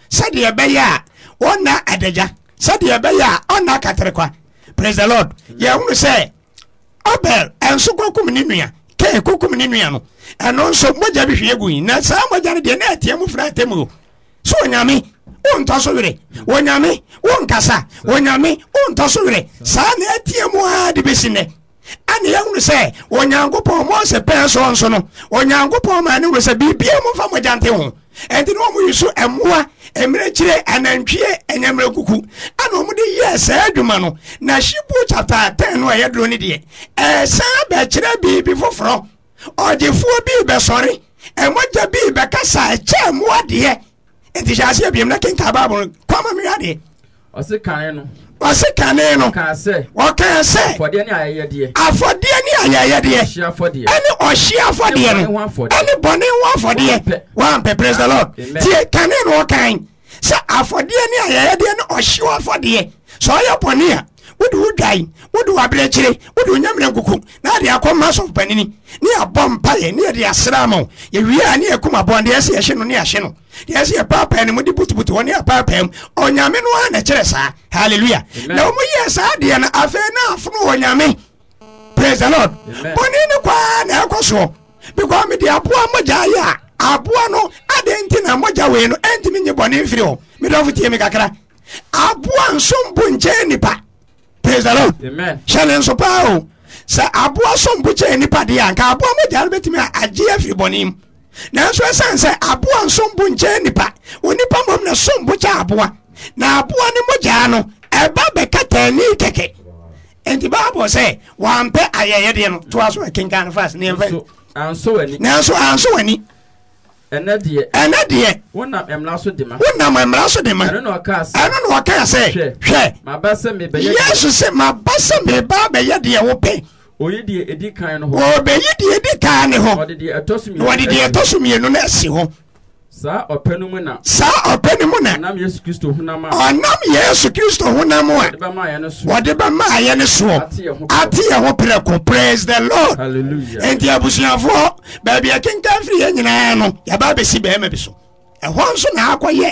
sɛdeɛ ɛbɛyɛ a ɔna adagya sɛdeɛ ɛbɛyɛ a ɔna Katerekwa?" praise the lord yɛhunu sɛ ɔbɛl ɛnso kɔkum ne nua kɛn kɔkum ne nua no ɛno nso mogya bi hwie gu yi na saa mogya no deɛ na ɛteɛ mu fira atɛm o so onyame wontɔ so werɛ onyame wonkasa onyame wontɔ so werɛ saa na ɛteɛ mu aa de bɛsi nnɛ ɛne yɛhunu sɛ onyankopɔn mose pɛɛ soɔ nso no onyankopɔn ma ne wuro sɛ biribia momfa mogyante ho ɛnti ne ɔmoyi so ɛmmoa mmerɛkyire anantwie ɛnyɛmmerɛ kuku ana ɔmode yɛɛ saa adwuma no na hyibu chapter 10 no ɛyɛ duro no deɛ ɛsan bɛkyerɛ biribi foforɔ ɔgyefoɔ bi bɛsɔre ɛmɔgya bi bɛkasa ɛkyɛ mmoa deɛ nti hyɛ aseɛ biam na kenka bible no kwama mewadeɛ ɔse kan no wɔsi kane no wɔkan sɛ afɔdeɛ ne ayɛyɛdeɛ ɛne ɔhye afɔdeɛ no ɛne bɔne ho afɔdeɛ wampɛ praise the lord tie kane no wɔkan sɛ afɔdeɛ ne ayɛyɛdeɛ ne ɔhye afɔdeɛ sɛ ɔyɛ bɔne a wode wo dwan wode waberɛkyire wode onyamena nkuku na ade akɔ ma sɔfo panini ne yɛabɔ mpaeɛ ne yɛde asra ma wo yɛwie a ne yɛkum abɔn deɛ ɛsɛ yɛhye no ne yɛhye no deɛ ɛsɛ yɛpaapae no mu de butubutu hɔ ne yɛpaapae mu ɔnyame no a na ɛkyerɛ saa halleluya na wɔmyɛɛ saa deɛ no afei na afono wɔ nyame praise the lord bɔne no kwaa na ɛkɔ soɔ because mede aboa mmɔgya ayɛ a aboa no ade nti na mmɔgya wei no ɛntimi nye bɔne mfiri hɔ medɔfo tie mi kakra aboa nsombo nkyɛn nipa praise the lord hyɛ ne nso paa o sɛ aboa sompo nipa deɛ anka aboa Mo no bɛtumi a agye afiri bɔne mu nanso ɛsiane sɛ aboa nsompo nipa onipa mmom na sompo kyɛ aboa na aboa ne mogyaa no ɛba bɛkatani kɛkɛ nti bible sɛ wampɛ ayɛyɛdeɛ no toa so ɛkenkan no fas nanso anso w'ani ɛnɛ deɛ ɛnɛ deɛ wonam mmara so de ma wonam mmara so de ma ɛno na ɔkaa sɛ ɛno na ɔkaa sɛ hwɛ maba sɛ mebɛyɛ yesu sɛ maba sɛ meba bɛyɛ deɛ wopɛ oyi deɛ edi kan no hɔ ɔbɛyi deɛ di kan ne hɔ wɔde deɛ ɛtɔ so mmienu na ɛsi hɔ saa ɔpɛ no mu na. saa ɔpɛ no mu na. ɔnam yesu kristo honam a. ɔnam yesu kristo honam a. wɔde bɛ maa yɛ ne soɔ. ate yɛ ho prɛko praise the lord. hallelujah. nti abusuafoɔ baabi akenkan firi yɛn nyinaa no yaba abɛsi bɛrima bi so ɛhɔ nso na akɔyɛ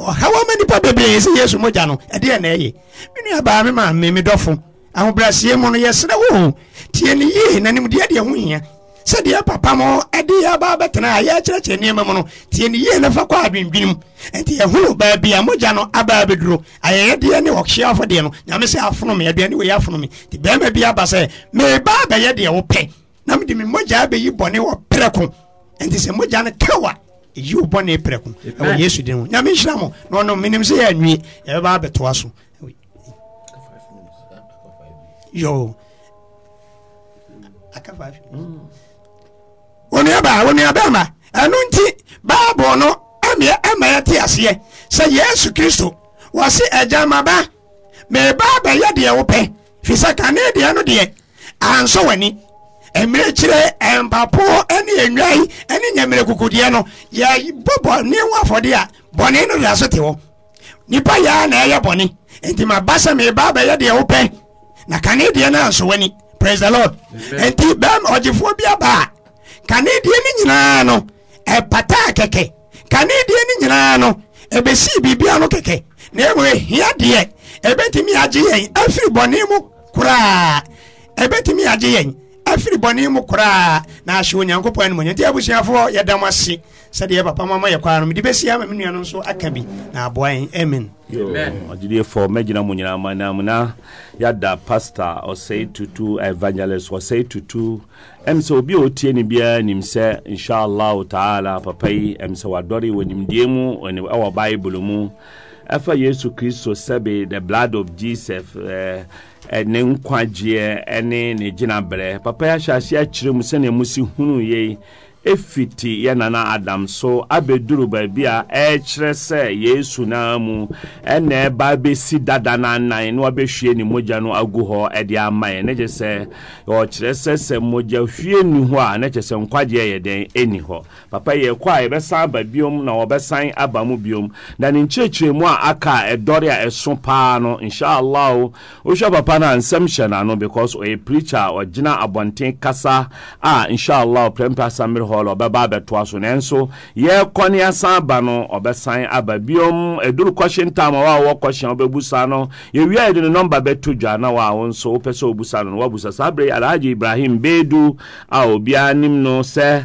ɔhawa ma nipa bebree sɛ yesu mogya no ɛdeɛ na ɛyɛ me nua baa me maa me me dɔfo ahobrɛaseɛ mu no yɛserɛ wo tie ne yie nanim deɛ deɛ ho hia sɛdeɛ papa mo ɛde yɛba bɛtena a yɛkyerɛkyerɛ nneɛma mu no tie ne yie ne fa kɔ adwendwenem nti yɛhunu baabi a mogya no aba abɛduro ayɛyɛdeɛ ne ɔhyeafo deɛ no nyame sɛ afonome aduane wei afonome nti bɛrima bi aba sɛ meba bɛyɛ deɛ wopɛ na mede me mogya abɛyi bɔne wɔ prɛko nti sɛ mogya no kawa ɛyi wo bɔne prɛko ɛwɔ yesu din mu nyame nhyira mo na ɔno menim sɛ yɛanwie yɛbɛba abɛtoa so yo aka five mm baa wɔn nua bɛrima ɛnu nti baabul no ɛmɛ ɛmɛ yɛte aseɛ sɛ yesu kristo wɔsi ɛgyamaba mɛɛba abɛyɛ deɛ wɔpɛ fisɛ kane deɛ no deɛ ansɔ w'ani mmerekyerɛ mpapo ne enwai ne nyamire kukudeɛ no yɛbɔbɔ ne ho afɔde a bɔne no yɛ so te hɔ nipa yɛa na ɛyɛ bɔne nti ma ba sɛ meba bɛyɛ deɛ wopɛ na kane deɛ no ansɔ w'ani praise the lord nti bɛm ɔgyefoɔ bi aba kane deɛ no nyinaa no ɛpataa kɛkɛ kane deɛ no nyinaa no ɛbɛsii biribia no kɛkɛ na mmom ɛhia deɛ ɛbɛtumi agye yɛn afiri bɔne mu koraa ɛbɛtumi agye yɛn afiri bɔne mu koraa na ahyɛ onyankopɔn anom nya nti abusuafoɔ yɛda m ase sɛdeɛ yɛpapa mama yɛ kwaa no mede bɛsia ma me nua no nso aka bi na aboa yɛn amen agyedeɛfoɔ mɛgyina mu nyinaa manam na yɛada pastor ɔsɛe tutu evangelist ɔsɛe tutu ɛm sɛ obi a ɔtie ne biara nim sɛ inshallah taala papa yi ɛm sɛ wadɔre wɔ nimdeɛ mu ɛwɔ bible mu ɛfa yesu kristo sɛbe the blood of jesus ɛɛ eh, eh, ne nkwagyeɛ ɛne ne gyinaberɛ papa yi ahyɛ aseɛ akyerɛ mu sɛnea musi hunu yie efiti yɛ nana adam so abɛduru baabi a ɛkyerɛ sɛ yesu naa mu ɛna ɛba bɛsi dada n'anan na wabɛhwie ne mogya no agu hɔ ɛde ama yɛ ne kyɛ sɛ ɔkyerɛ sɛ sɛ mogya hwie ni hɔ a ne kyɛ sɛ nkwagyeɛ yɛ dɛn ɛni hɔ papa yɛ kɔ a yɛbɛsan aba biom na wɔbɛsan aba mu biom na ne nkyerɛkyerɛmu a aka ɛdɔre a ɛso paa no inshallah wohwɛ papa no a nsɛm hyɛ n'ano because ɔyɛ preacher a ɔgyina abɔnten kasa a inshallah prɛmpɛ asammere hɔ paul ɔbɛba abɛtoa so nanso yɛrekɔ ne asan aba no ɔbɛsan aba biom ɛduru kɔhye ntam a wɔawɔ kɔhyea wobɛbusa no yɛwie a yɛde ne nɔmba bɛto dwa na wɔ nso wopɛ sɛ wobusa no no woabusa saa berɛ alhaji ibrahim Bedu a obiara nim no sɛ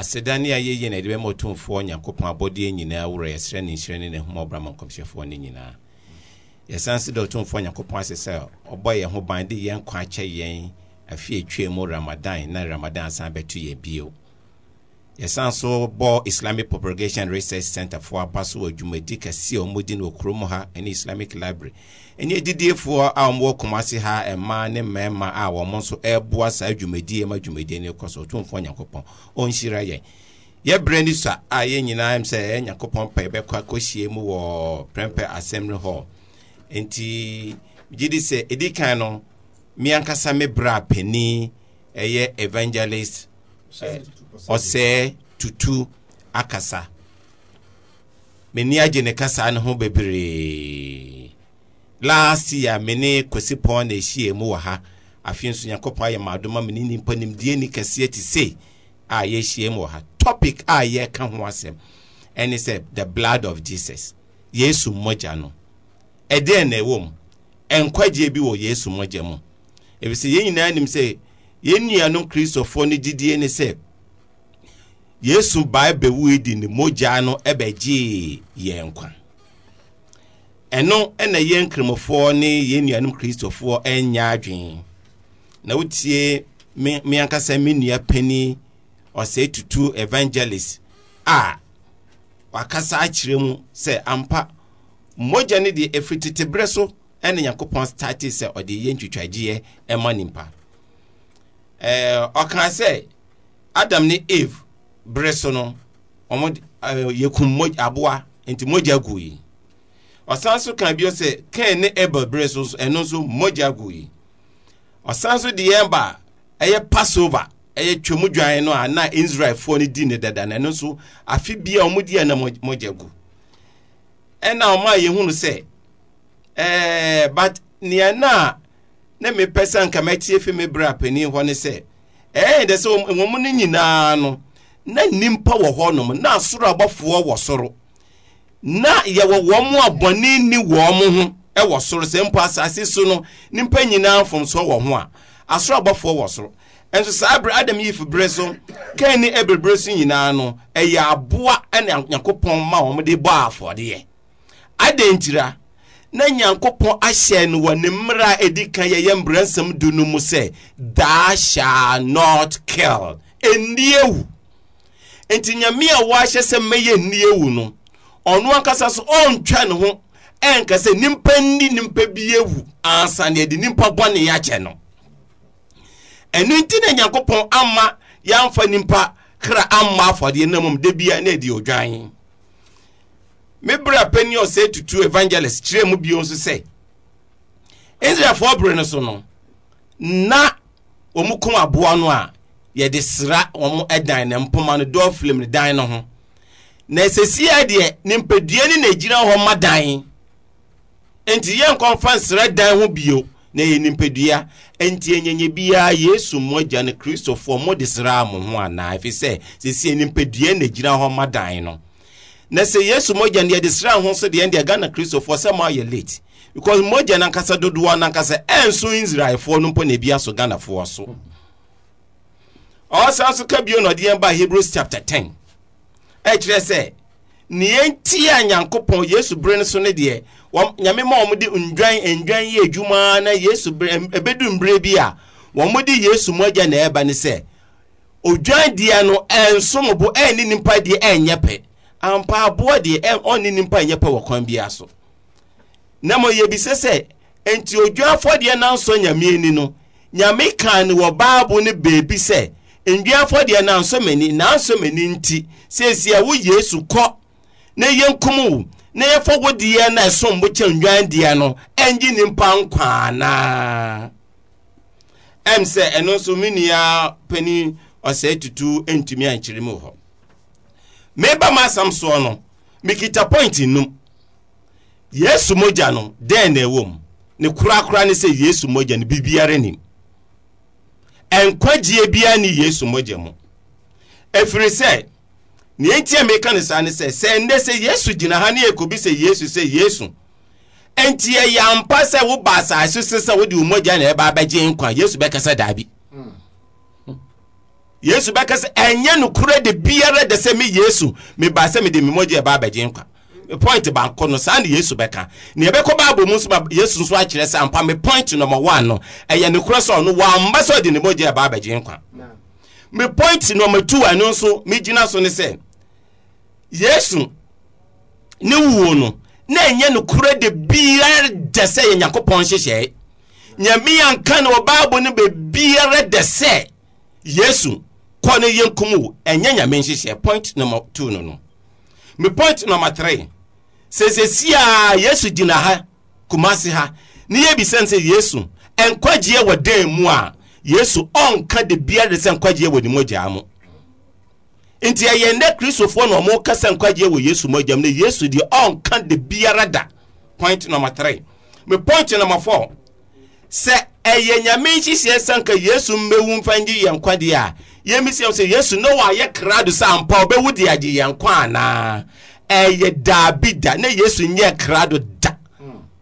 aseda ne ayɛyie na yɛde bɛma ɔtomfoɔ nyankopɔn abɔdeɛ nyinaa worɔ yɛsrɛ ne nhyirɛ ne ne homa ɔbra ma nkɔmhyɛfoɔ no nyinaa yɛsan se dɛ ɔtomfoɔ nyankopɔn ase sɛ ɔbɔ yɛn ho ban de yɛn nkwa akyɛ yɛn afe etwa mu ramadan na ramadan asan bɛto yɛ bio yɛsan so bɔ islamic propagation research center foɔ aba so wɔ dwumadi kɛseɛ a wɔmɔdi no wɔ ha ne islamic library ɛne adidiefoɔ a wɔwɔ kumase ha mmaa ne mmarima a wɔn nso ɛreboa saa dwumadie ma dwumadie no kɔ so ɔtumfoɔ nyankopɔn ɔnhyira yɛn yɛbrɛ ni sa a yɛn nyinaa m sɛ nyankopɔn pɛ yɛbɛkɔ akɔhyie mu wɔ prɛmpɛ assembly hall nti gye di sɛ ɛdi kan no me ankasa me brɛ a panin ɛyɛ evangelist ɔsɛɛ eh, tutu akasa m'ani agye ne kasa ne ho bebree last year me kwasi pɔn na ahyia mu wɔ ha afei nso nyankopɔn ayɛ maadoma me ne nipa nimdeɛ ni kɛseɛ te sei a yɛahyia mu wɔ ha topic a yɛreka ho asɛm ɛne sɛ the blood of jesus yesu mmɔgya no ɛdeɛn na ɛwɔ mu nkwagyeɛ bi wɔ yesu mmɔgya mu ɛfiri sɛ yɛn nyinaa nim sɛ yɛn nuanom kristofoɔ no gyidie ne sɛ yesu bae bɛwue di ne mogya no ɛbɛgyee yɛn nkwa ɛno ɛna yɛn nkramofoɔ ne yɛn nuanom kristofoɔ ɛnyɛ adwene na wotie me me ankasa me nua panyin ɔsɛ tutu evangelist a wakasa akyerɛ mu sɛ ampa mogya no deɛ ɛfiri tete berɛ so ɛna nyankopɔn starte sɛ ɔde yɛn twitwagyeɛ ɛma nipa Eh, ɔkena sɛ adam ne ave bere so no ɔmo eh, yɛkum aboa nti mogya gu yi ɔsan so ka bio sɛ kain ne abel bere so ɛno nso mogya gu yi ɔsan so de yɛn ba ɛyɛ passover ɛyɛ twam dwan no a na israelfoɔ no di ne dada na ɛno nso afe bia ɔmo di na mogya gu ɛna ɔmo a yɛhunu sɛ ɛɛ eh, but nea na na mepɛ sɛ anka mɛte afi me berɛ a panin hɔ ne sɛ ɛyɛ dɛ sɛ wɔm no nyinaa no na nimpa wɔ hɔnom na asoro abɔfoɔ wɔ soro na yɛwɔ wɔn mu a bɔne ni wɔn ho ɛwɔ soro sɛ mpo asase so no nimpa nyinaa mfomsoɔ wɔ ho a asoro abɔfoɔ wɔ soro nso saa berɛ adam yif berɛ so kan ne abel so nyinaa no ɛyɛ aboa ɛna nyankopɔn ma wɔn de bɔ afɔdeɛ adɛn nkyira na nyankopɔn ahyɛ no wɔ ne mmerɛ a ɛdi kan yɛyɛ mmerɛnsɛm du no mu sɛ thou shall not kill ɛnnie wu nti nyame a wɔahyɛ sɛ mɛyɛ nnie wu no ɔno ankasa so ɔntwa ne ho ɛnka sɛ nimpa nni nimpa bi ewu ansa ne yɛde nimpa bɔne yɛakyɛ no ɛno nti na nyankopɔn ama yɛamfa nimpa kra amma afɔdeɛ no mmom da bia na ɛdi odwan me bra pani ɔsɛ tutu evangelist kyerɛ mu bio nso sɛ israelfoɔ bere no so no na wɔn kum aboa no a yɛde sra wɔn dan ne mpoma no dɔɔ filim ne dan no ho na esesia deɛ ne mpadua ne na egyina hɔ ma dan nti yɛn nkɔmfa nsra dan ho bio na yɛ nipadua nti enyenye biara yesu mo agya ne kristofoɔ mo de sra mo ho anaa efi sesia nipadua na egyina hɔ ma dan no na sɛ yesu mogya no yɛde sra ho so deɛ deɛ ghana kristofoɔ sɛ mo ayɛ late because mogya no ankasa dodoɔ no ankasa ɛnso israelfoɔ no mpo na ebi aso ghanafoɔ so ɔsan so ka bio na ɔde ba hebrews chapter ten ɛkyerɛ sɛ nea nti a nyankopɔn yesu bere no so no deɛ nyame ma wɔn de ndwan ndwan yɛ adwuma na yesu bere ebedu mbere bi a wɔn yesu mogya na ɛreba ne sɛ odwan deɛ no ɛnso mo bo ɛnni nipa deɛ ɛnyɛ pɛ. ampaaboɔ deɛ ɔne nimpa nyɛ pɛ wɔ kwan biara so na ma yɛbisɛ sɛ enti odwuafoɔ deɛ nansɔ nyame ni no nyame kan ne wɔ baabo ne beebi sɛ ndwuafoɔ deɛ nansɔ m'ani nansɔ m'ani nti seesie wo yesu kɔ na yɛnkum wo na yɛfɔ wo deɛ na ɛsom bo kyɛ ndwan deɛ no ɛngye nimpa nkwaanaa ɛm sɛ ɛno nso me nua panin ɔsɛe tutu ntumi ankyerɛ mu hɔ meba m'asɛm soɔ no mekita point num yesu mogya no dɛn na ɛwɔ mu ne korakora ne sɛ yesu mogya no biribiara nim ɛnkwagyeɛ biara ne yesu mogya mu ɛfiri sɛ neɛ nti a meka no saa ne sɛ sɛ nnɛ sɛ yesu gyina ha ne yɛkɔbi sɛ yesu sɛ yesu ɛnti ɛyɛ ampa sɛ woba asase so sɛ wode wo mogya na ɛba abɛgye nkwa yesu bɛka sɛ daabi yesu bɛka sɛ ɛnyɛ nokorɛ de biara de sɛ me yesu mebaa sɛ mede me mmɔgye ɛbaa nkwa point baako no saa ne yesu bɛka ne yɛbɛkɔ bible mu nso yesu nso akyerɛ sɛ ampa me point number one no ɛyɛ nokorɛ sɛ ɔno wamba sɛ ɔde ne mmɔgye ɛbaa bɛgye nkwa me point number two ɛno nso megyina so ne sɛ yesu ne wuo no na ɛnyɛ nokorɛ de biara de sɛ yɛ nyankopɔn hyehyɛe nyame anka ne wɔ bible no bɛbiara de sɛ yesu pɔ no yɛnkum wo ɛnyɛ nyame nhyehyɛ point number two no no me point number three sɛsɛsi a yesu gyina ha kumase ha ne yɛbisa sɛ yesu nkwagyeɛ wɔ dan mu a yesu ɔnka de biara sɛ nkwagyeɛ wɔ ne mogyaa mu nti ɛyɛ nnɛ kristofoɔ na ɔmɔka sɛ nkwagyeɛ wɔ yesu mogya mu na yesu deɛ ɔnka de biara da point number three me point number four sɛ ɛyɛ nyame nhyehyɛ sɛ nka yesu mmɛwu mfa ngye yɛ nkwadeɛ a yɛn bi si yɛn sɛ yesu na wayɛ krado sɛ ampa ɔbɛwu de agye yɛn kɔ anaa ɛyɛ daabi da na yesu nyɛ krado da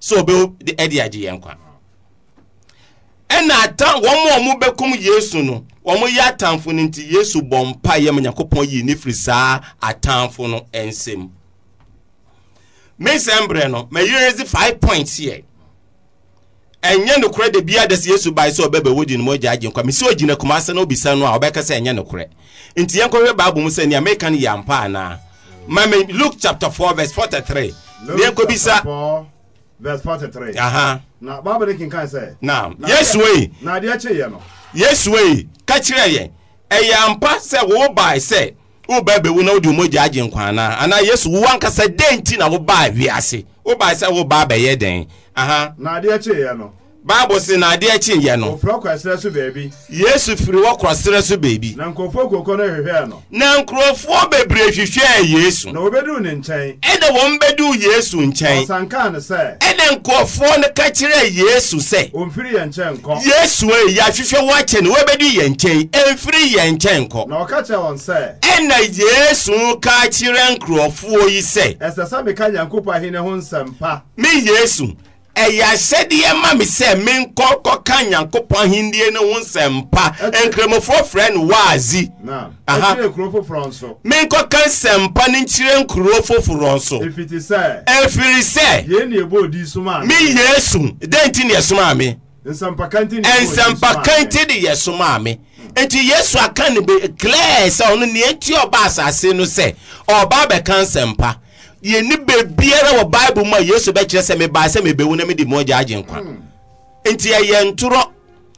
sɛ ɔbɛwu de agye yɛn kɔ ɛna ata mu a wɔn bɛkum yesu no wɔn yɛ atamfo no nti yesu bɔ mpa yɛ ma nyakopɔn yi ne firi saa atamfo no nsam mesɛn brɛ no mɛ yɛrɛ zi five points yɛ ɛnyɛ nokorɛ da bia da sɛ yesu bae sɛ ɔbɛbɛ wodi no mu agya agye nkwa mesɛ ogyina kumase no obisa no a ɔbɛka sɛ ɛnyɛ nokorɛ nti yɛnkɔhwɛ bible mu sɛ nea meka no yɛ ampa anaa ma me luke chapter 4 verse 43 yɛnkɔbisa aha na bible ne kenkan na yesu wei na adeɛ kyeyɛ no yesu wei ka kyerɛ e yɛn ɛyɛ ampa sɛ wo bae sɛ woba bɛwu na wode mogya agye nkwa anaa anaa yesu wo ankasa dɛn nti na wobaa wiase wobae sɛ wobaa bɛyɛ dɛn aha na adeɛ kyeyɛ no bible si na adeɛ akyi yɛ no. ofura kwasirɛ so beebi. yesu firi wɔ kwasirɛ so beebi. na nkurɔfoɔ kɔkɔ no hwehwɛ no. na nkurɔfoɔ bebree hwehwɛ yesu. na wɔbɛduru ne nkyɛn. ɛna wɔn bɛduru yesu nkyɛn. ɔsankaa ne sɛ. ɛna nkurɔfoɔ no ka yesu sɛ. omfiri yɛn nkyɛn nkɔ. yesu eyi ahwehwɛ wɔakyɛ no wɔbɛduru yɛn nkyɛn emfiri yɛn nkyɛn nkɔ. na ɔka kyerɛ wɔn sɛ. ɛna yesu ka kyerɛ nkurɔfoɔ yi sɛ. ɛsɛ sɛ meka mi yesu ɛyɛ ahyɛdeɛ ma me sɛ menkɔ kɔka nyankopɔn ahennie no ho nsɛmpa nkramofoɔ frɛ no waazi menkɔka nsɛmpa no nkyerɛ nkuro foforɔ so ɛfiri sɛ me yesu dɛn nti ne ɛsomaa me nsɛmpaka nti de yɛ somaa me nti yesu aka ne be clear sɛ ɔno neɛ nti ɔba asase no sɛ ɔba bɛka nsɛmpa yɛni beebiara wɔ bible mu a yesu bɛkyerɛ sɛ mebaa mebewu na mede mogya agye nkwa hmm. nti ɛyɛ ntorɔ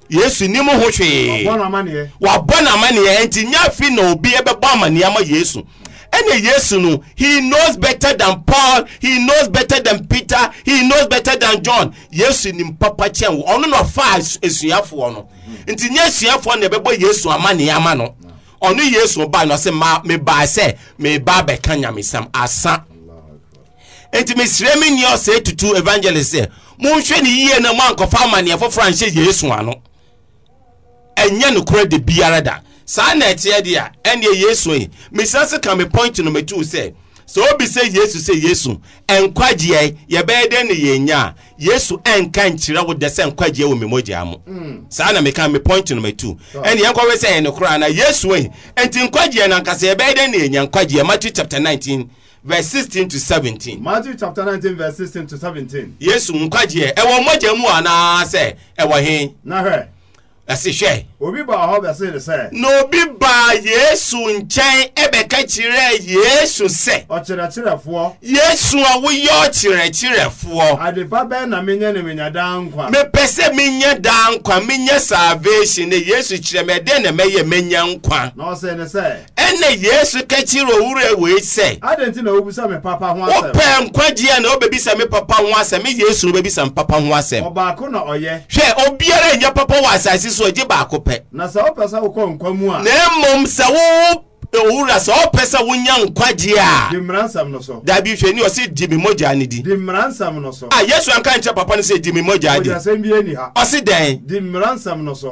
yesu nim ho hwee wabɔ n'amanneɛ nti nyɛ afi na obi bɛbɔ amanneɛ ama yesu ɛna yesu no he knows better than paul he knows better than peter he knows better than john yesu nim papa kyɛn ɔno na ɔfa asuafoɔ no nti nyɛ asuafoɔ na ɛbɛbɔ yesu amanneɛ ama no ɔno yesu ba no ɔsɛ mebaa sɛ mebaa bɛka nyamesam asa nti mesrɛ me nni ɔsɛe tutu evangelist sɛ monhwɛ ne yie na moankɔfa amanneɛ foforɔ anhyɛ yesu ano ɛnyɛ nokorɛ de biara da saa na ɛteɛ deɛ a ɛneɛ yesu yi mesrɛ se ka me point no mɛtuu sɛ sɛ obi sɛ yesu sɛ yesu nkwagyeɛ yɛbɛyɛ dɛn ne yɛnya a yesu ɛnka nkyerɛ wo dɛ sɛ nkwagyeɛ wɔ mmemmɔgyaa mu hmm. saa na meka me point no matu ɛne yɛnkɔwe sɛ ɛyɛ nokorɛ ana yesu yi enti nkwagyeɛ no ankasa yɛbɛyɛ dɛn ne yɛnya nkwagyeɛ matthew chapter 19 verse sixteen to seventeen. matthew chapter nineteen verse sixteen to seventeen. yesu nkwagyeɛ ɛwɔ mmɔgya mu anaasɛ ɛwɔ hen. na hwɛ ɛsi hwɛ. obi baa hɔ bɛsi ne sɛ. na obi baa yesu nkyɛn ɛbɛka kyerɛ yesu sɛ. ɔkyerɛkyerɛfoɔ. yesu a woyɛ ɔkyerɛkyerɛfoɔ. adepa bɛɛ na menyɛ ne menya daa nkwa. mepɛ sɛ menyɛ daa nkwa menyɛ salvation ne yesu kyerɛ mɛ ɛdɛn na mɛyɛ menya nkwa. na ɔsɛ ne sɛ. ɛnna yesu kɛkyerɛ owurɛ wei sɛ. adi nti na obisa mi papa ho asɛm. wopɛ nkwagye a na obebisa mi papa ho asɛm yesu obebisa mi papa ho asɛm. ɔbaako na ɔyɛ. hwɛ papa wɔ asase nso agye baako pɛ na sɛ wopɛ sɛ wokɔ nkwa mu a na mmom sɛ wo owura sɛ ɔpɛ sɛ wonya nkwagye a daabi hwɛ ni ɔse di me mogya ne di a yesu anka nkyerɛ papa no sɛ di me mogya ha. ɔse dɛn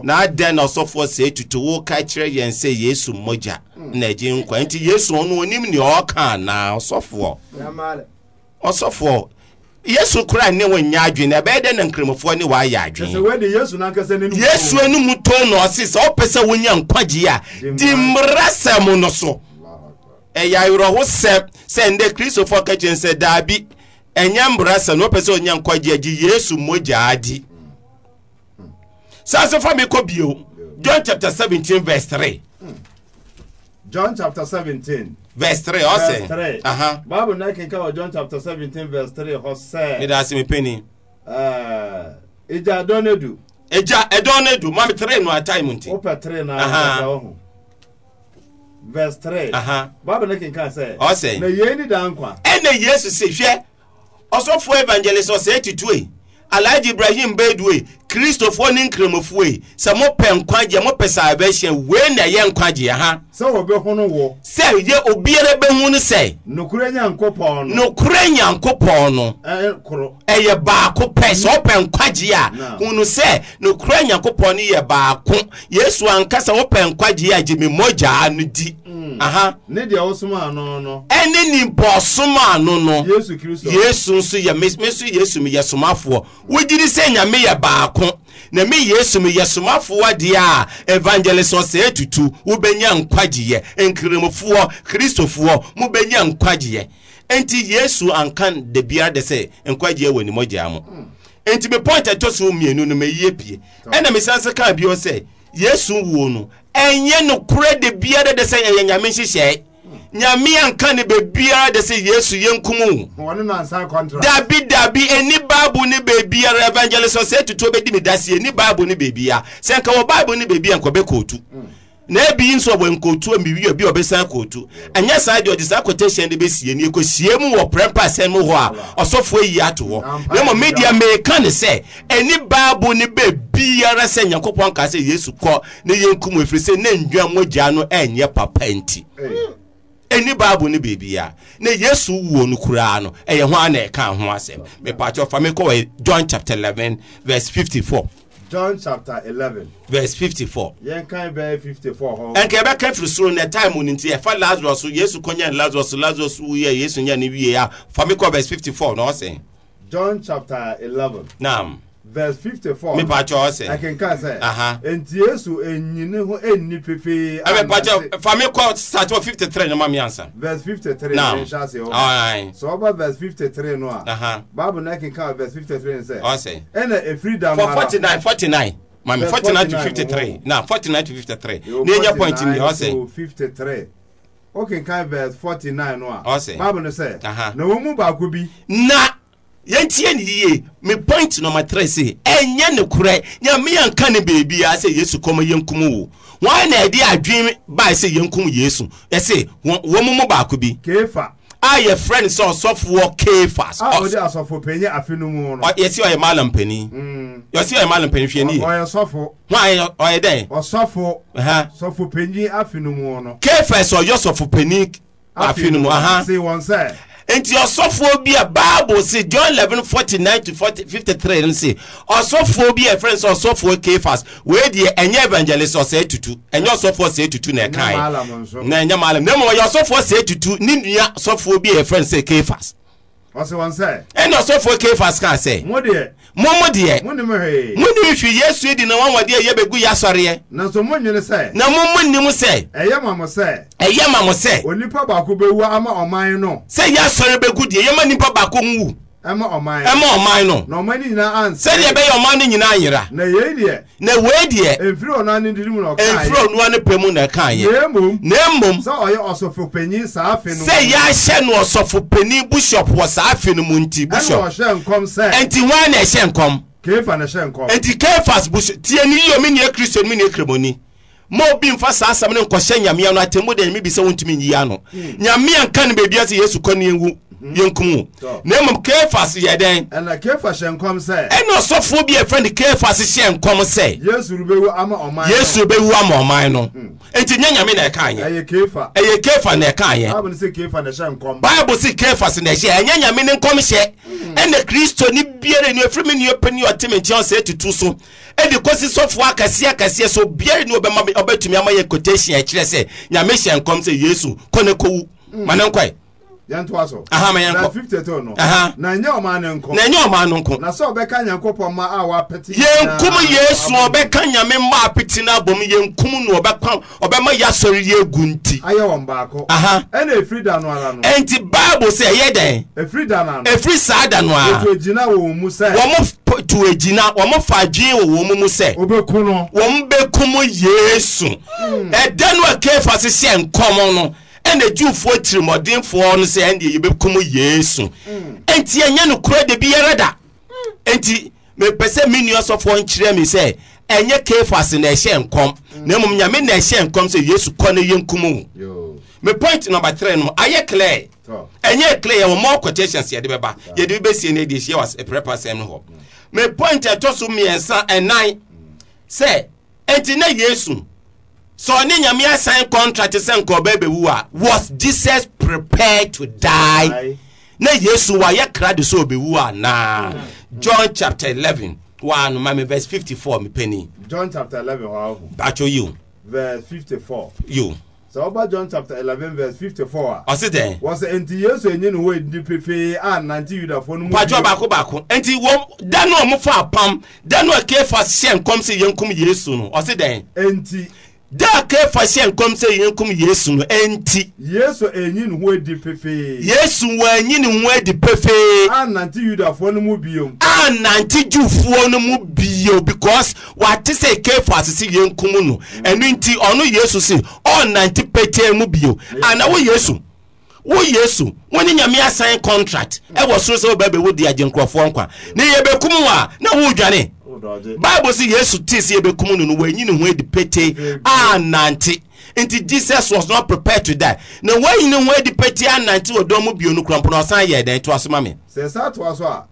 na adɛn na ɔsɔfoɔ sɛ tutu wo ka kyerɛ yɛn sɛ yesu mogya hmm. na agye nkwa nti yesu ɔno onim ne ɔɔka anaa ɔsɔfoɔ ɔsɔfoɔ yesu kura ne wɔn nyɛ adwene ɛbɛyɛ dɛ na nkramofoɔ ne wɔayɛ adwene yesu anim tɔn na ɔsi sɛ ɔpɛ sɛ wonya nkwagye a di mmara sɛm no so ɛyɛ awerɛho sɛm sɛ ndɛ kristofoɔ ka kyerɛ sɛ daabi ɛnyɛ mmara sɛm na sɛ wonya nkwagye a gye yesu mogya adi sase fa mi kɔ bio john chapter seventeen verse three. Hmm. john chapter seventeen verse three ɔsɛ verse three baabu náà kankan wɔ john chapter seventeen verse three ɔsɛ. mi da asi mi pe ni. ìjà uh, ẹdọ́n ne du. ìjà ẹdọ́n ne du maami three nu ata imu nti. o pɛ three na ɛdá uh-huh. ɔhún verse three baabu náà kankan sɛ. ɔsɛ na yéé ni dan kwa. ɛna yesu sè hwɛ ɔsɔfo evangelist ɔsɛ etutu yi alhaji ibrahim beedue kristofoɔ ne nkramofoɔ yi sɛ mopɛ nkwagyeɛ mopɛ salvation wei na ɛyɛ nkwagyeɛ ha sɛ wɔbɛhono wɔ sɛ yɛ obiara bɛhu no sɛ nokorɛ nyankopɔn no nokorɛ nyankopɔn no ɛyɛ baako pɛ sɛ wopɛ nkwagyeɛ a hunu sɛ nokorɛ nyankopɔn no yɛ baako yesu ankasa wopɛ nkwagyeɛ a gyeme mmɔgyaa no di mm. aha ne deɛ wosomaa no no ɛne nimpa ɔsomaa no no yesu nso yɛ me nso yesu meyɛ somafoɔ wogyini sɛ nyame yɛ baako nko na me yesu me yesomafoɔ adeɛ a evangelist ɔsɛ etutu wobɛnya nkwagyeɛ nkirimufoɔ kristofoɔ mobɛnya nkwagyeɛ nti yesu ankan dabiara de sɛ nkwagyeɛ wɔ nimɔgyaa mo nti me point ɛtɔ so mmienu no meyie pie ɛna mesan se kaa bio sɛ yesu wuo no ɛnyɛ nokorɛ da biara de sɛ ɛyɛ nyame nhyehyɛe nyame anka ne baabiara de sɛ yesu yɛnkum dabi dabi ɛni bible ne baabiara evangelist sɛ ɛtutuo bɛdi me daseɛ ɛni bible ne baabia sɛ nka wɔ bible ne baabia nkɔbɛkɔɔtu hmm. na ebi nso wɔ nkootu omiwi obi ɔbɛsan kootu ɛnyɛ saa deɛ ɔde saa quotation de bɛsie ni ekosie mu wɔ prɛmpa asɛm hɔ a ɔsɔfoɔ yi ato hɔ na mmom media meka ne sɛ ɛni baabu ne beebiara sɛ nyankopɔn kaa sɛ yesu kɔ ne yɛn kum efiri sɛ ne nnwa mogya no ɛnyɛ papa nti. Hey ɛni baabu ne beebi a na yesu wuo no koraa no ɛyɛ ho ana ɛka ho asɛm mepakyɛ fa me kɔ wɔ john chapter eleven verse fifty 54 john chapter 11 verse 54 yɛn kan bɛɛ 54 hɔ ɛnka yɛbɛka firi soro na ɛtaa mu no nti ɛfa lazarus yesu kɔnya lazarus lazarus wuyɛ yesu nya ne wie a fa me kɔ verse 54 na ɔsɛn john chapter 11 naam verse fifty four. mi pàtjọ ọsẹ. akenka sẹ. nti yesu enyini ho enyi pepee. ẹ bẹ pàtjọ fami kọ sàtọ fifty three nyọma mi ansa. verse fifty three ní nsa oh. se o. sọ ọba verse fifty three nù a. baabu náà kenka verse fifty three nsẹ. ọsẹ. ẹna efiri dàmú ara. for forty nine forty nine maami forty nine to fifty three oh. eh? eh? uh-huh. na forty nine to fifty three ní ẹ̀yẹ point mi ọsẹ. forty fifty three o kenka verse forty nine nù a. ọsẹ. baabu ni sẹ. na wọn mu baako bi. na yɛntie ne yie me point number three se ɛnyɛ ne korɛ nyame yɛnka ne beebiaa sɛ yesu kɔma yɛnkum wo wɔn na ɛde adwene baa sɛ yɛnkum yesu ɛsɛ wɔn mu baako bi. keefa a yɛfrɛ no sɛ ɔsɔfoɔ kefas yɛsi ɔyɛ malam pani hmm. yɛsi ɔyɛ malam pani hwɛ ni yɛ ɔyɛ dɛn kefas ɔyɛ sɔfo pani afi no mu aha nti ɔsɔfoɔ bi a bible si john eleven forty nine to forty fifty three n si ɔsɔfoɔ bi a fɛn sɛ ɔsɔfoɔ kefas wei deɛ ɛnyɛ evangelist ɔsɛ tutu ɛnyɛ ɔsɔfoɔ sɛ tutu na ɛkan na ɛnyɛ maalam na mmom ɔyɛ ɔsɔfoɔ sɛ tutu ne nua ɔsɔfoɔ bi a fɛn sɛ kefas ɔsɛ wɔn sɛ. ɛna ɔsɔfo kee fasika sɛ. mo deɛ. mo mo deɛ. mo ni mo hwee. mo ni hwee yesu di na wɔn wɔde ya bɛgu yasɔreɛ. na so mo nyini sɛ. na mo mo nim sɛ. ɛyɛ ma mo sɛ. ɛyɛ ma mo sɛ. onipa baako bɛ wu ama ɔman no. sɛ yasɔre bɛgu deɛ yɛ ma nipa baako nwu ɛma ɔman no na ɔman no sɛdeɛ ɛbɛyɛ ɔman no nyinaa yera na yei deɛ na wei deɛ ɛmfiri ɔnoa no diri mu na ɔkaeɛ ɛmfiri ɔnoa no na ɛkaeɛ na mmom sɛ ɔyɛ ɔsɔfopanyin saa afe no sɛ yɛahyɛ no ɔsɔfopanyin bishop wɔ saa afe no mu nti bishop ɛna ɔhyɛ nkɔm sɛ ɛnti hwan na ɛhyɛ nkɔm kefa na ɛhyɛ nkɔm ɛnti kefas bishop tie ni yio mi nea kristo mi nea kremoni ma obi mfa saa asɛm no nkɔhyɛ nyamea no atemmudɛ nyame bi sɛ wontumi nyiya no hmm. nyamea nka no baabia sɛ yesu kɔ ne ɛwu yɛnkum wo na mmom kefas yɛ dɛn ɛna kefas hyɛ nkɔm sɛ ɛna ɔsɔfoɔ bi a ɛfrɛ no kefas hyɛ nkɔm sɛ yesu bɛwu ama ɔman no enti nyɛ nyame na ɛka yɛ ɛyɛ kefa na ɛka yɛ bible si kefas na ɛhyɛ ɛnyɛ nyame ne nkɔm hyɛ ɛna ni biara ni ɛfiri me nneɛpɛ ne ɔteme nkyɛn sɛ ɛtutu so ɛde kɔsi sɔfoɔ akɛseɛ akɛseɛ so biara ni ɔbɛtumi ama yɛ quotation ɛkyerɛ sɛ nyame hyɛ nkɔm sɛ yesu kɔ ne kɔwu ma mm yɛntoa so ahama yɛnkɔ na 52 no aha na nyɛ ɔman no nko na nyɛ ɔman no nko na sɛ ɔbɛka nyankopɔn ma a wapete yɛnkum yesu ɔbɛka nyame ma apete no abɔm yɛnkum no ɔbɛka ɔbɛma yɛasɔre yɛ agu nti ayɛ wɔn baako aha ɛna ɛfiri da no ara no ɛnti bible sɛ ɛyɛ dɛn ɛfiri da no ara ɛfiri saa da no ara wɔtu agyina wɔn mu sɛ wɔn tu agyina wɔn fa adwene wɔ wɔn mu sɛ wɔbɛkum no wɔn bɛkum yesu ɛdɛ hmm. no a e no ɛna juufoɔ tirimɔdenfoɔ no sɛ ɛndeɛ yɛbɛkum yesu mm. enti ɛnyɛ nokorɛ de biara da mm. enti mepɛ sɛ me nua sɔfoɔ nkyerɛ me sɛ ɛnyɛ kefas na ɛhyɛ nkɔm mm. na mmom nyame na ɛhyɛ nkɔm sɛ yesu kɔ no yɛnkum wo me point number three no ayɛ clear ɛnyɛ clear yɛwɔ more quotations yɛde bɛba yɛde bi bɛsie no adi ahyia wɔ prɛpa sɛm no hɔ me point ɛtɔ so mmiɛnsa ɛnan sɛ enti na yesu So ɔne nyame asan contract sɛ nka ɔbɛ bɛwu a was jesus prepared to die na yesu wayɛ kra de sɛ ɔbɛwu anaa john chapter 11 waanoma me verse 54 mepani john chapter 11 bakyɛ yi verse 54 yo sɛ ɔba john chapter eleven, verse 54 a ɔse dɛn wɔsɛ enti yesu enyi ne hɔ edi pefee a nante yudafoɔ no mu padwa baako baako enti wɔn da no a ɔmo fa apam da no a kefa hyɛ nkɔm sɛ yɛnkum yesu no ɔse dɛn enti da ka fa hyɛ nkɔm sɛ yɛnkum yesu no ɛnti yesu ɛnyi ne ho adi pefee yesu wɔanyi ne ho adi pefee anante yudafoɔ no mu bio anante jufoɔ no mu bio because wate sɛ kefa asese yɛnkum no ɛno nti ɔno yesu se ɔnante pɛtɛɛ mu bio ana wo yesu wo yesu wone nyame asan contract ɛwɔ soro sɛ wobɛbɛwo di agye nkurɔfoɔ nkwa ne yɛbɛkum wo a na woredwane bible sɛ yesu tee sɛ yɛbɛkum no no wɔanyi ne ho adi pete anante nti jesus was not prepared to die na wɔanyi ne ho adi pete anante wɔ dɔm mu bio no kora mpo na ɔsan yɛ dɛn toa so ma me sɛ saa toa so a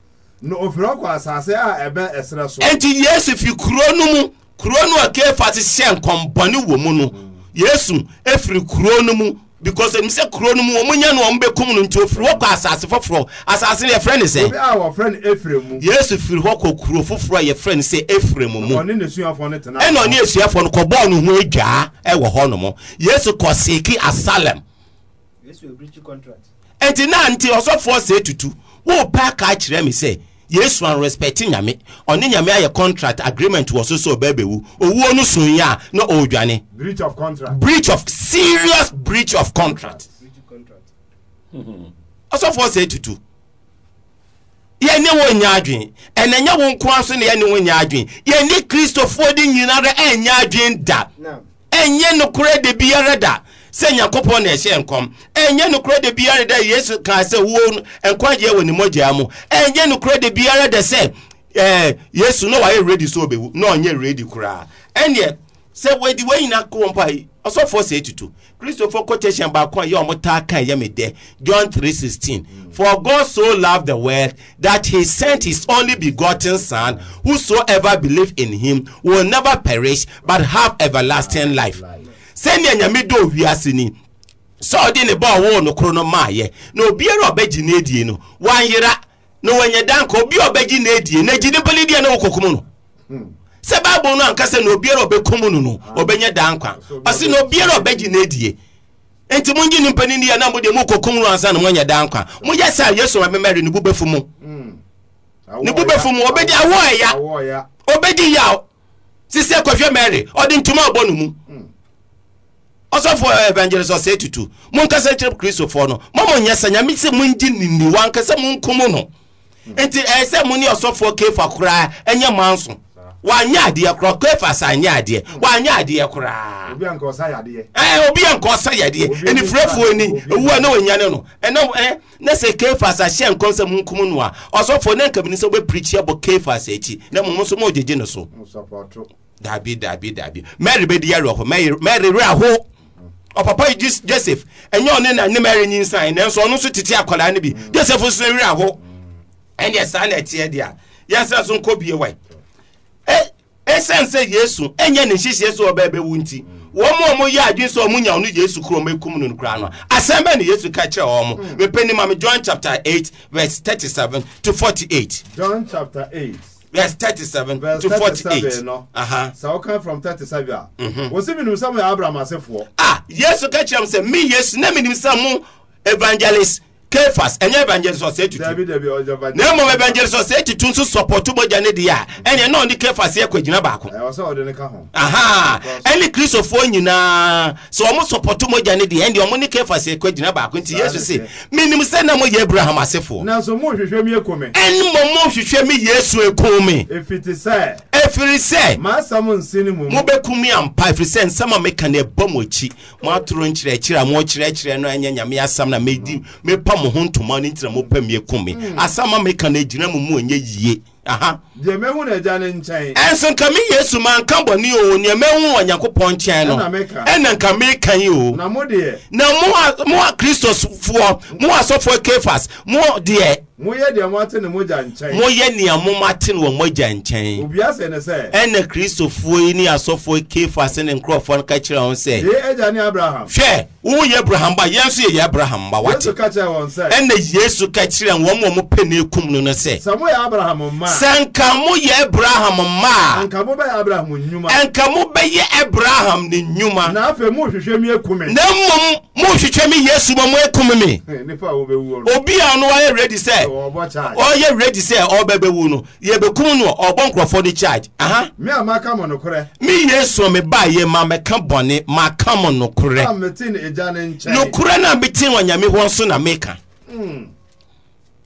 na ɔfiri ɔkɔ asase a ɛbɛ ɛserɛ so enti yesu fi kuro no mu kuro no a kefa te hyɛ nkɔmbɔne wɔ mu no mm. yesu ɛfiri kuro no mu because ɛnim sɛ kuro no mu wɔn nya no wɔn bɛkum no nti ofiri hɔ kɔ asase foforɔ asase no yɛfrɛ ne sɛ. obi a wɔfrɛ no efirem mu. yesu firi hɔ kɔ kuro foforɔ a yɛfrɛ no sɛ efirem mu. mu. ɔne ne suafoɔ no tena. ɛna ɔne esuafoɔ no kɔ bɔɔl no ho edwaa ɛwɔ hɔ nom yesu kɔ seeki asalem. yesu ebiri ti contract. ɛnti naa nti ɔsɔfoɔ sɛ etutu wɔn pɛ aka akyerɛ mi sɛ yesu an respect nyame ɔne nyame ayɛ contract agreement wɔ so so ɔbɛ bɛwu owuo no so yɛ a na ɔredwane breach of contract breach of serious breach of contract ɔsɔfoɔ sɛ tutu yɛne wo nya adwen ɛnɛ nyɛ wo nko so ne yɛne wo nya adwen yɛne kristofoɔ de nyinara ɛnyɛ adwen da ɛnyɛ nokorɛ de biara da sɛ nyankopɔn na ɛhyɛ nkɔm ɛnyɛ nokorɛ da biara dɛ yesu kaa sɛ wo nkwagyeɛ wɔ ne mmɔgyaa mu ɛnyɛ nokorɛ da biara dɛ sɛ ɛɛ eh, yesu na wayɛ redi so obɛwu na ɔnyɛ redi koraa ɛnneɛ sɛ wɔdi wɔn nyinaa kɔ wɔn pa yi ɔsɔfoɔ sɛ etutu kristofo quotation baako a yɛ ɔmo taa kan yɛ mi dɛ john 3:16. for god so loved the world that he sent his only begotten son whosoever believe in him will never perish but have everlasting life. life sɛnea nyame dɔ wiase ni sɛ ɔde ne bɔɔ woo no koro no maayɛ na obiara ɔbɛgye ne adie no wanyera na wanya danka obi ɔbɛgye ne adie na gyi nipa lidie na wokɔkum no sɛ bible no ankasa na obiara ɔbɛkum no no ɔbɛnya dankwa ɔse na obiara ɔbɛgye ne adie nti mongye nipa no ndia na mode mokɔkum no ansa na moanya dankwa moyɛ sɛ yesu mamemɛre ne bu bɛfu mu ne bu bɛfu mu ɔbɛgye awoɔ ɛya ɔbɛgye yaw sisɛ kɔhwɛ mary ɔde tuma ɔbɔ no mu ɔsɔfoɔ eh, evangelist ɔsɛ tutu monkasa kyerɛ kristofoɔ no mama ɔnyɛ sɛ nyame sɛ mongye niniwa nkɛ sɛ monkom no nti ɛyɛ sɛ mo ne ɔsɔfoɔ kefa koraa ɛnyɛ ma nso wanyɛ adeɛ koraa kefa sa anyɛ adeɛ wanyɛ adeɛ koraa obi anka ɔsa yadeɛ eh, ɛnifirɛfoɔ ni ɛwua na ɔnyane no ɛnɛ eh, na sɛ kefa sa hyɛ nkɔm sɛ monkom no a ɔsɔfoɔ ne nkabini sɛ wobɛpirikyi abɔ kefa sa akyi na mom nso ma ɔgyegye ne so dabi dabi dabi mary bɛdi yɛwerɛ hɔ mary werɛ ho ɔpapa yi joseph ɛnyɛ ɔne na ne mary nyinsan nanso ɔno nso tete akwadaa no bi mm. joseph nso awira hɔ ɛnneɛ saa na ɛteɛ deɛ a yɛasra so nkɔ bie wae ɛsiane sɛ yesu ɛnyɛ ne nhyehyeɛ sɛ ɔbɛɛ bɛwu nti wɔn a wɔyɛ adwene sɛ wɔn nya ɔno yesu kuro wɔn ekum no kura no asɛm bɛ ne yesu ka kyerɛ wɔn mm. mepɛ ni maame john chapter eight verse thirty seven to forty eight. john chapter eight yes thirty seven to forty eight. sa ɔka from thirty seven a. Mm-hmm. wosi mi nimisɛn mu yɛ abraham asefoɔ. a ah, yesu kɛ kyerɛ mu sɛ mi yesu ne mi nimisɛn mu evangelist kefas ɛnyɛ evangelist society tu na mmom evangelist society tu nso sɔpɔtu mogya ne deɛ a ɛnɛ na ɔne kefas yɛ kɔ gyina baako aha ɛne kristofoɔ nyinaa sɛ ɔmo sɔpɔtu mogya ne deɛ ɛnɛ ɔmo ne kefas yɛ kɔ gyina baako nti yesu se menim sɛ na moyɛ abraham asefoɔ ɛnmo mohwehwɛ me yesu ekum me ɛfiri sɛ mobɛkum me ampa ɛfiri sɛ nsɛm a meka no ɛbɔ mo akyi moatoro nkyerɛkyerɛ a mokyerɛkyerɛ no ɛnyɛ nyame asɛm na me pa motwa mo ho ntoma no ntina mopɛ mmiɛku me hmm. asɛm a meka na agyina mu mu ɛnyɛ yie deɛ mahu no agya no nkyɛn ɛnso nka me yesu manka bɔne o neɛ mahu onyankopɔn nkyɛn no ɛna nka meka yi o na mo a kristofoɔ mo asɔfoɔ kefas mo deɛ moyɛ deɛ moate ne mogya nkyɛn moyɛ nea momate no wɔ mogya nkyɛn obia sɛ ne sɛ ɛna kristofoɔ yi ne asɔfoɔ kefase ne nkurɔfoɔ no ka kyerɛ wɔn sɛ yei agya ne abraham hwɛ woyɛ abraham ba yɛn nso yɛyɛ abraham ba wate ka kyerɛ wɔn sɛ ɛna yesu ka kyerɛ wɔn wɔ mo pɛ ne ekum no no sɛ sɛ moyɛ abraham mma sɛ nka moyɛ abraham mma a nka mobɛyɛ abraham nnwuma nka mobɛyɛ abraham ne nnwuma na afei mohwehwɛ mi ekum me na mmom mi yesu ma mo ekum obi a ɔno ayɛ ready sɛ sɛ ɔyɛ oh, ready sɛ ɔbɛbɛwu oh, oh, uh-huh. no yɛbɛkum no ɔbɔ nkurɔfoɔ no charge aha me yesu me baa yɛ ma mɛka bɔne maka mo nokorɛ nokorɛ no a mete wɔ nyame hɔ nso na meka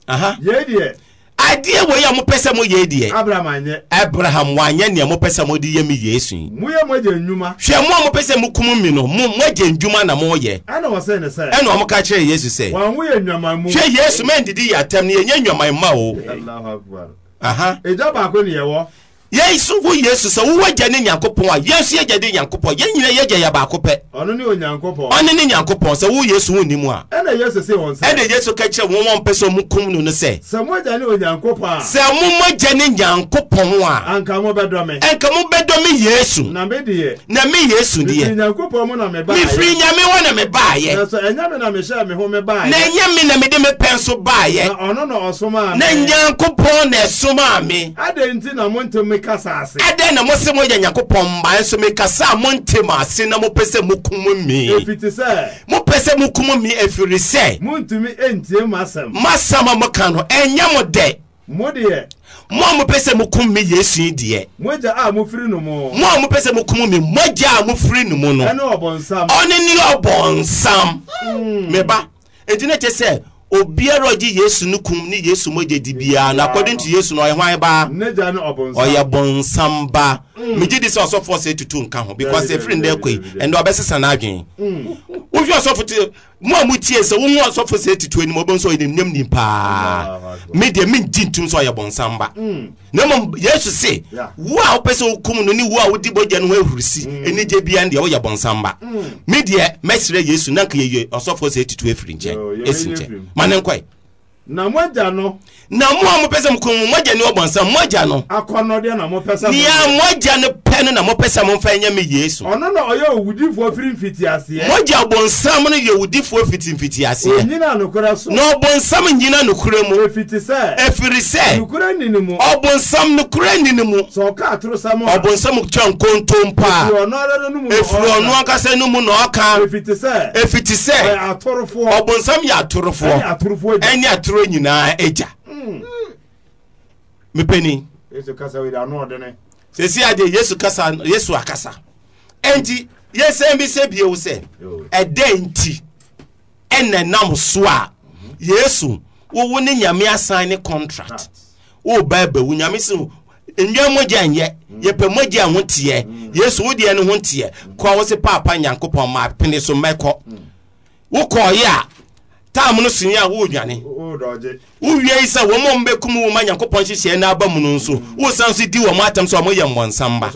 aha adeɛ wɔ yi a mopɛ sɛ moyɛ deɛ abraham anyɛ abraham wanyɛ nea mopɛ sɛ mode yɛ me yesu yi moyɛ moagya njuma. hwɛ mo a mopɛ sɛ mokum mi no moagya ndwuma na moyɛ ɛna ɔsɛ ne sɛ ɛna ɔmo ka kyerɛ yesu sɛ wɔho yɛ nnwaman mu hwɛ yesu mɛndidi yɛ atam no yɛnyɛ nnwaman ma o aha ɛgya baako ne yɛwɔ yesu wo yesu sɛ wo wagya ne nyankopɔn a yesu yɛgya de nyankopɔn yɛn nyina yɛgya yɛ baako pɛ ɔno ne nyankopɔn sɛ wo yesu wo nnim a yesu ka kyerɛ wɔn wɔn pɛ sɛ ɔmo kum no no sɛ sɛ mo mogya ne nyankopɔn a anka mo bɛdɔ me yesu na me yesu deɛ mefiri nyame hɔ na mebaayɛ na ɛnyɛ me na mede me pɛ nso baayɛ na nyankopɔn na ɛsomaa me ɛdɛn na mose moyɛ nyankopɔn mmaa nso mekasa a monte ma ase na mopɛ sɛ mokum me mopɛ sɛ mokum me ɛfiri sɛ masɛm a moka no ɛnyɛ mo dɛ mo deɛ mo a mopɛ sɛ mokum me yesu yi deɛ mo a mopɛ sɛ mokum me mogya a mofiri no mu no ɔne ni ɔbɔnsam hmm. meba ɛnti na kyɛ sɛ obiara ɔgye yesu no kum ne yesu mogya di biara na according to yesu no ɔyɛ hwan ba ɔyɛ bɔnsam ba mm. megye di sɛ ɔsɔfoɔ sɛ tutu nka ho because ɛfiri ndɛ kɔ yi ɛnɛ ɔbɛsesa no adwene mm. wohwɛ ɔsɔfo te mu a mu tie sɛ wɔn asɔfo sɛ etutu anim ɔbɛn so ɔyɛ nim nim paa mi deɛ mi di ntum so ɔyɛ bɔnsanba mm. na mmom yesu se wo a wopɛ sɛ wokum no ne wo a wodi bɔgya no ho ahurusi mm. anigye bia deɛ woyɛ bɔnsanba mm. me deɛ mɛsrɛ yesu na nka yɛyɛ ɔsɔfoɔ sɛ etutu afiri nkyɛn esi nkyɛn ma ne nkɔe. na mo agya no na mo a mopɛ sɛ mokɔ mu mogya ne ɔbɔnsam mogya no akɔnnɔdeɛ na mopɛ sɛ nea mogya no pɛ no na mopɛ sɛ momfa nyɛ me yesu ɔno na ɔyɛ owudifoɔ firi mfitiaseɛ mogya ɔbɔnsam no yɛ owudifoɔ fiti mfitiaseɛ onyina nokorɛ so na ɔbɔnsam nyina nokorɛ mu ɛfiti sɛ ɛfiri sɛ nokorɛ ni ne mu ɔbɔnsam nokorɛ ni ne mu sɛ ɔka atorosɛm a ɔbɔnsam twa nkontom paa ɛfiri ɔno ankasa no mu na ɔka ɛfiti sɛ ɛfiti sɛ ɔbɔnsam yɛ atorofoɔ mepɛ hmm. ni sɛsi ade yesu kasa yesu akasa ɛnti yɛsɛn bi sɛ bie wo sɛ ɛdɛn nti ɛna nam so a yesu wowo ne nyame asan ne contract woba abawu nyame sɛ nnwa mogya nyɛ hmm. yɛpɛ mogya ho teɛ hmm. yesu wodeɛ no ho teɛ kɔ wo se paapa nyankopɔn ma pene so mɛkɔ wokɔɔyɛ a taamu no sini yɛ a woredwane wowie yi sɛ wɔn a wɔbɛkum wo ma nyankopɔn hyehyɛ n'aba mu no nso wosan so di wɔn atam sɛ wɔn yɛ mmɔnsamma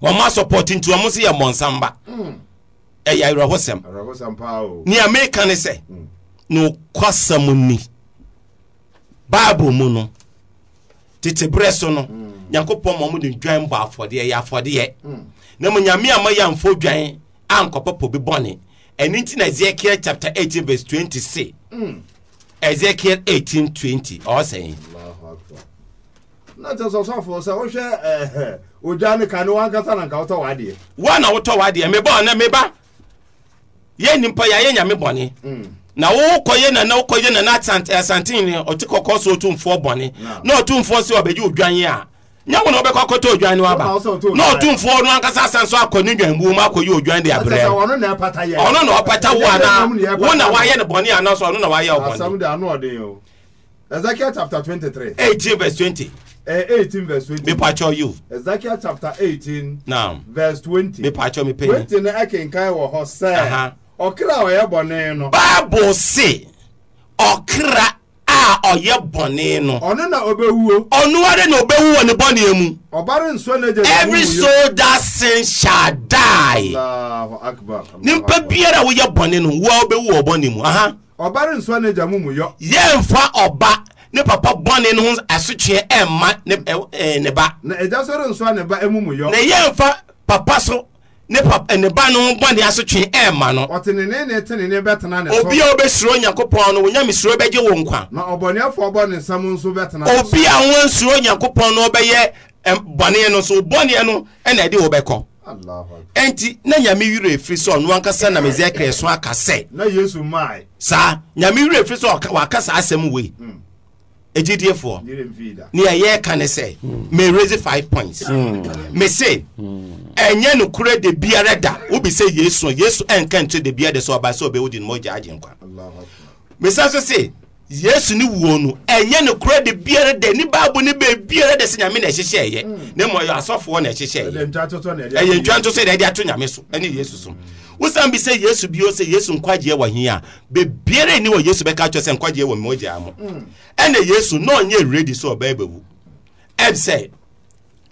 wɔn asɔpɔt nti wɔn so yɛ mmɔnsamma hmm. ɛyɛ awerɛhosɛm nea meka ne sɛ hmm. na ɔkɔsɛm ni bible mu no tete berɛ so no hmm. nyankopɔn ma mode dwan bɔ afɔdeɛ yɛ afɔdeɛ na mu nyame a mayɛ amfo dwan ankɔpɔpɔ bi bɔne ɛno nti na ezekiel chapter eighteen verse twenty say hmm. ezekiel eighteen twenty ɔsɛn. na kyerɛ sɛ ɔsɔfoɔ sɛ wohwɛ ogya ne ka ne wankasa na nka wotɔ wadeɛ woa na wotɔ wadeɛ mebɔ ɔnɛ meba yɛ nipa ye nyame bɔne na wokɔ yɛ nana wokɔ yɛ nana asantene ɔte kɔkɔɔ so ɔtumfoɔ bɔne na ɔtumfoɔ sɛ ɔbɛgye odwan a nyɛ wɔn a wɔbɛkɔ akɔtɔ odwan no aba na ɔtumfoɔ no ankasa asan so akɔ ne dwan buom akɔyɛ odwan de abrɛ ɔno na ɔpata wo anaa wo na wayɛ ne bɔne anaa so ɔno na wayɛ wo bɔne Ezekiel chapter 23. Eighteen verse twenty. Uh, eh, 18 verse 20. Me pacho you. Ezekiel chapter eighteen. Now. Verse 20. Me pacho me pay. Twenty na akenkan wɔ hɔ sɛ. Ɔkra a ɔyɛ bɔne no. Bible se ɔkra a ɔyɛ bɔne no. ɔno na ɔbɛwuo. ɔnuwari na ɔbɛwu wɔ ne bɔne mu. ɔbɛre nsuo na egyina every soldier sin shall die. nípa biara woyɛ bɔne no wo a ɔbɛwu wɔ bɔne mu. ɔbɛre nsuo na egyina mu mu yɔ. yɛnfa ɔba ne papa bɔne no ho asotwe ɛma ne ba. na ɛgya sɔrɔ ne ba emu mu yɔ. na yɛnfa papa so. ne pap eh, ne ba no bɔne asotwe ɛɛma no obi a wobɛsuro onyankopɔn no wonyamesuro bɛgye wo nkwa obi a wonsuro onyankopɔn no ɔbɛyɛ bɔne no so bɔne no ɛna ɛde wobɛkɔ ɛnti na nyame werɛ firi sɛ ɔno ankasa nam ezekiel so aka sɛ saa nyame werɛ firi sɛ waka asɛm wei mm. agyidiefoɔ ne ɛyɛ ka ne sɛ raise five points hmm. Hmm. me se hmm. ɛnyɛ no korɛ de biara da wobi sɛ yesu yesu ɛnka nto de biara de sɛ ɔba sɛ ɔbɛwo de no mɔgya agye nkwa mesa so se yesu ni wuo no ɛnyɛ no korɛ de biara da ne baabu ne baabiara de sɛ nyame na ɛhyehyɛ ɛyɛ na mmɔ ɛyɛ asɔfoɔ na ɛhyehyɛ ɛyɛ ɛyɛ ntwa nto so na ɛde ato nyame so ɛne yesu so wosam bi sɛ yesu bio sɛ yesu nkwagyeɛ wɔ he a bebiara ni wɔ yesu bɛka kyerɛ sɛ nkwagyeɛ wɔ mmogyaa mo mm. ɛna yesu na ɔnyɛ redi sɛ ɔbɛyɛ bɛwu ɛb sɛ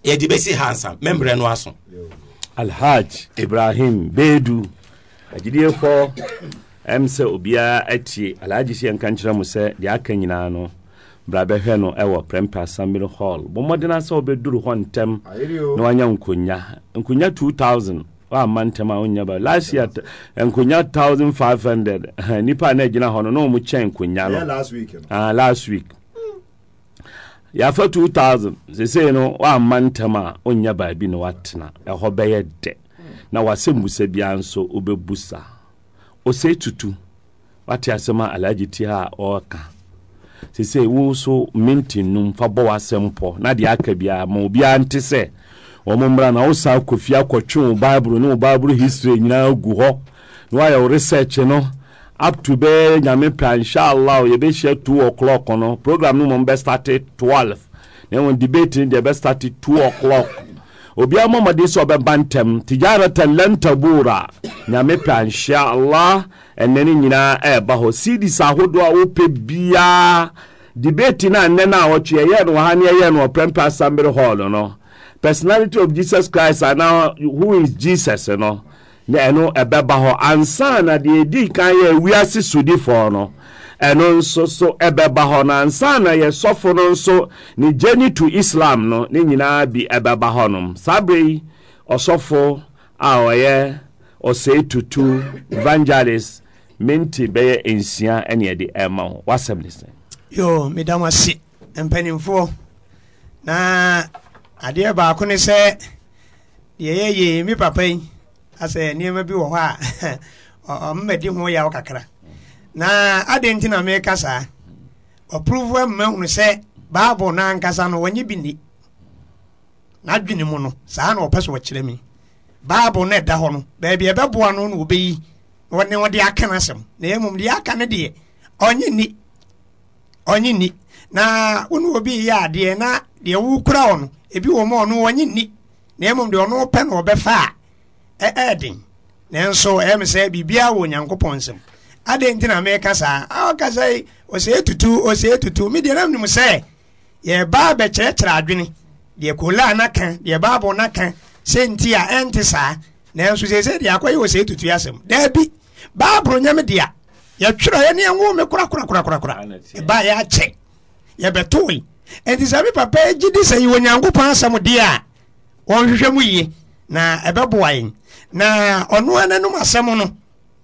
yɛde bɛsi ha nsa mɛmmerɛ no aso alhaj ibrahim bedu agyidiefoɔ ɛm sɛ obiara atie alhaji sɛ yɛnka nkyerɛ mu sɛ deɛ aka nyinaa no brabɛhwɛ no ɛwɔ prɛmpɛ assembly hall bɔmmɔden sɛ wobɛduru hɔ ntɛm na wanya nkonya nkonya 2000 wa mantama onya ba last year nkonya 1500 [laughs] nipa na gyina hɔ no na ɔmo kyɛn nkonya no last week ah last week yɛafa 2000 sesei no waamma ntam a ɔnya baabi na watena ɛhɔ bɛyɛ dɛ na wasɛ mmusa biara nso wobɛbusa ɔsɛe tutu wate asɛm a alagye ti a ɔreka sesei wo so minti num fa bɔ w'asɛm pɔ na deɛ aka biara ma obiara nte sɛ wɔn mmra na wosa akɔfie akɔtwe wo bible ne wo bible history nyinaa gu hɔ na woayɛ wo research no up to bɛɛ nyame pɛ inshallah yɛbɛhyia two o'clock no program no mu bɛstarte 12 na wɔn debate no deɛ bɛstarte 2 o'clock obiara mɔmɔden sɛ ɔbɛba ntɛm tijaratan lantabura nyame pɛ inshallah ɛnɛ no nyinaa ɛɛba hɔ cds ahodoɔ a wopɛ biara debate no a nnɛ no a wɔtwe ɛyɛ no wɔ ha ne ɛyɛ no wɔ prɛmpɛ asambere hall no personality of jesus christ anaa who is jesus no na ɛno ɛbɛba hɔ ansa na deɛ edi kan yɛ wiase sodifoɔ no ɛno nso so ɛbɛba hɔ na ansa na yɛ sɔfo no nso ne journey to islam no ne nyinaa bi ɛbɛba hɔ nom saa bere yi ɔsɔfo a ɔyɛ ɔsɛe tutu evangelist minti bɛyɛ nsia ɛne ɛde ɛma ho wasɛm ne sɛ. yoo medam ase mpanimfoɔ na adeɛ baako ne sɛ deɛ yɛyɛ me papa yi asɛ nneɛma bi wɔ hɔ a [laughs] ɔmmadi ho yaw kakra na adɛn nti na meka saa ɔporofoɔ amma hunu sɛ bible no ankasa no wɔnyɛ bi ni n'adwene mu no saa na ɔpɛ sɛ ɔkyerɛ me bible no ɛda hɔ no baabi ɛbɛboa no na wɔbɛyi ne wɔde aka no asɛm na mmom deɛ aka no deɛ ɔnye ni ɔnye ni na wo ne obi yɛ adeɛ na deɛ wokura wɔ no ebi wɔ mu ɔno wɔnye nni na mmom deɛ ɔno pɛ na ɔbɛfa a ɛɛ den nanso ɛyɛ mi sɛ biribiara wɔ nyankopɔn nsam adeɛ nti na mɛka saa a ɔkasa yi ɔsɛ etutu ɔsɛ etutu mi deɛ nam sɛ yɛba abɛkyerɛkyerɛ adwene deɛ kola naka deɛ baabɔ naka sɛ nti a ɛnte saa nanso sɛ sɛ deɛ akɔ yi ɔsɛ etutu asɛm daabi baaboro nyɛm deɛ yɛtwerɛ yɛ ne yɛn wo mi korakorakorakora ɛba yɛ akyɛ yɛbɛtoe ɛnti sɛ me papa gye di sɛ yɛwɔ nyankopɔn asɛm deɛ a wɔnhwehwɛ mu yie na ɛbɛboa yɛn na ɔno ara n'anom asɛm no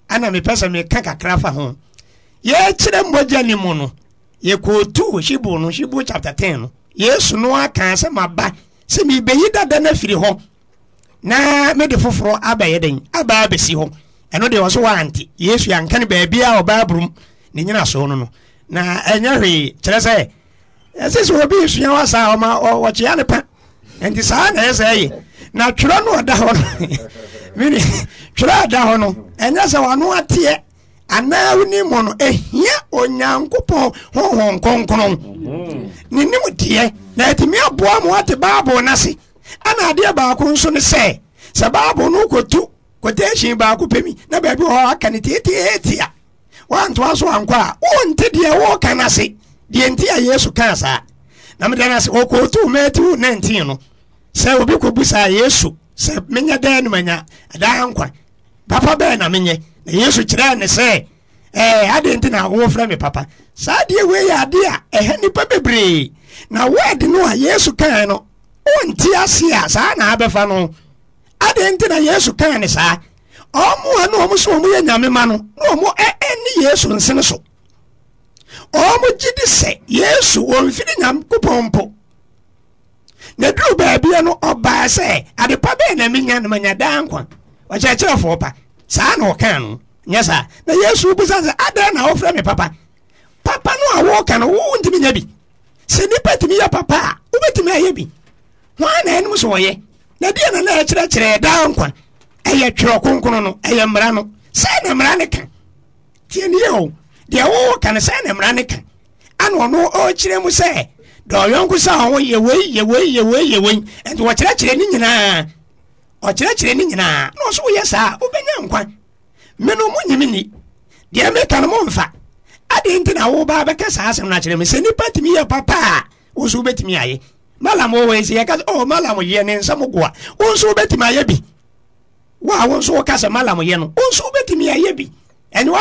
ana mepɛ sɛ meka kakra fa ho yɛkyerɛ mmɔgya ne mu no yɛkɔɔtu hyibu no hyibu chapter 10 no yesu no aka sɛ maba sɛ mebɛyi dada no afiri hɔ na mede foforɔ abɛyɛ dɛn abaa bɛsi hɔ ɛno deɛ ɔso wante yesu anka ne a ɔbaa burum ne nyina so no no na ɛnyɛ hwee kyerɛ sɛ ɛsɛ sɛ obi sua wa saa ɔma ɔkyea ne pa nti saa na ɛsɛ ɛyɛ na twerɛ no ɔda hɔ no [laughs] mini twerɛ ada hɔ no ɛnyɛ sɛ wano ateɛ anaa woni mu no ɛhia onyankopɔn honhom kronkron ne nim deɛ na ɛtumi aboa ma wate bible no ase ana adeɛ baako nso no sɛ sɛ bible no kɔtu kɔtɛhyin baako pɛmi na baabi wɔ hɔ aka ne tietieetia woantoa so ankɔ a wonte deɛ wɔɔka no ase deɛ nti a yesu kaa saa na meda no ase wɔkɔɔtu matthew 19 no sɛ obi kɔbu saa yesu sɛ menyɛ dɛn no manya adaa nkwa papa bɛɛ na menyɛ na yesu kyerɛɛ ne sɛ ɛɛ adeɛ nti na wɔfrɛ me papa saa deɛ wei yɛ adeɛ a ɛhɛ nipa bebree na word no a yesu kaa no ɔnti ase a saa na abɛfa no adeɛ nti na yesu kaa ne saa ɔmo a na ɔmo so ɔmo yɛ nyame ma no na ɔmo ɛɛ ne yesu nsene so ɔmogye di sɛ yesu wɔmfiri nyankopɔn mpo na duru baabia no ɔbaa sɛ adepa bɛɛ na minya no manya daa nkwa ɔkyerɛkyerɛfoɔ pa saa na ɔkaa no nyɛ saa na yesu bisa sɛ adɛn na wɔfrɛ me papa papa no a wɔka no wo ntumi nya bi sɛ nnipa tumi yɛ papa a wobɛtumi ayɛ bi hwan na ɛnom sɛ ɔyɛ na deɛ na na ɛkyerɛkyerɛ daa nkwa ɛyɛ twerɛ kronkron no ɛyɛ mmara no sɛ na mmara ne ka tianiɛ o deɛ wowɔ ka no sɛ ne mmara no ka ana ɔno ɔkyerɛ mu sɛ sɛ ah, ɔwo nyinaa ɔkyerɛkyerɛ ne nyinaa na ɔso woyɛ saa wobɛnya nkwa meno mo nyime ni deɛ meka no adeɛ nti na woba bɛka saa asɛm no akyerɛ me sɛ nnipa tumi yɛ papa a wo so wobɛtumi ayɛ malam wɔwɔ sɛ yɛka sɛ ɔ oh, malam yɛ ne nsɛm go wo nso wobɛtumi ayɛ bi wo a wo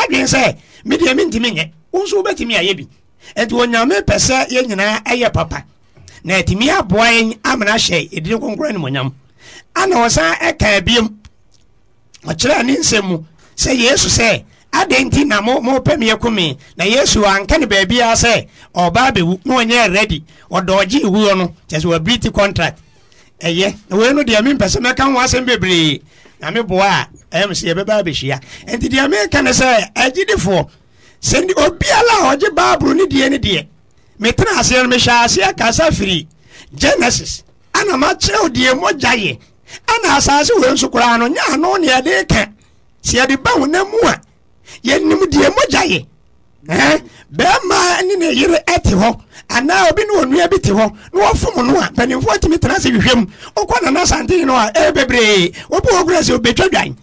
bi mi mentimi nyɛ wo nso wobɛtumi ayɛ bi ɛnti onyame pɛ sɛ yɛn nyinaa ɛyɛ papa na ɛtumi aboa yɛn amena hyɛ ɛdini kronkron animonyam ana ɔsan ɛka ebiem ɔkyerɛ ne nsɛm mu sɛ yesu sɛ adɛn nti na mopɛ me yɛkome na yesu anka ne baabiaa asɛ ɔbaa wu na ɔnyɛ ready ɔdɔɔgye wuo no kyɛ sɛ wabiriti contract ɛyɛ na wei no deɛ mempɛ sɛ mɛka ho asɛm bebree nyame boa a ɛyɛ m sɛ yɛbɛba abɛhyia ɛnti deɛ meka ne sɛ agyidifoɔ sɛ obiala a ɔgye baabro ne deɛ ne deɛ metena aseɛ no mehyɛ aseɛ kasa firi genesis ana makyerɛw deɛ mogya yɛ ana asase wei nso koraa no nyɛ ano ne yɛde ka sɛ yɛde ba honam mu a yɛnim deɛ mogya yɛ bɛrima ne ne yere te hɔ anaa obi ne onua bi te hɔ na wɔfom no a mpanimfoɔ tumi tena ase hwehwɛ mu wokɔ nana santene no a ɛyɛ bebree wobi wɔkora sɛ obɛtwa dwan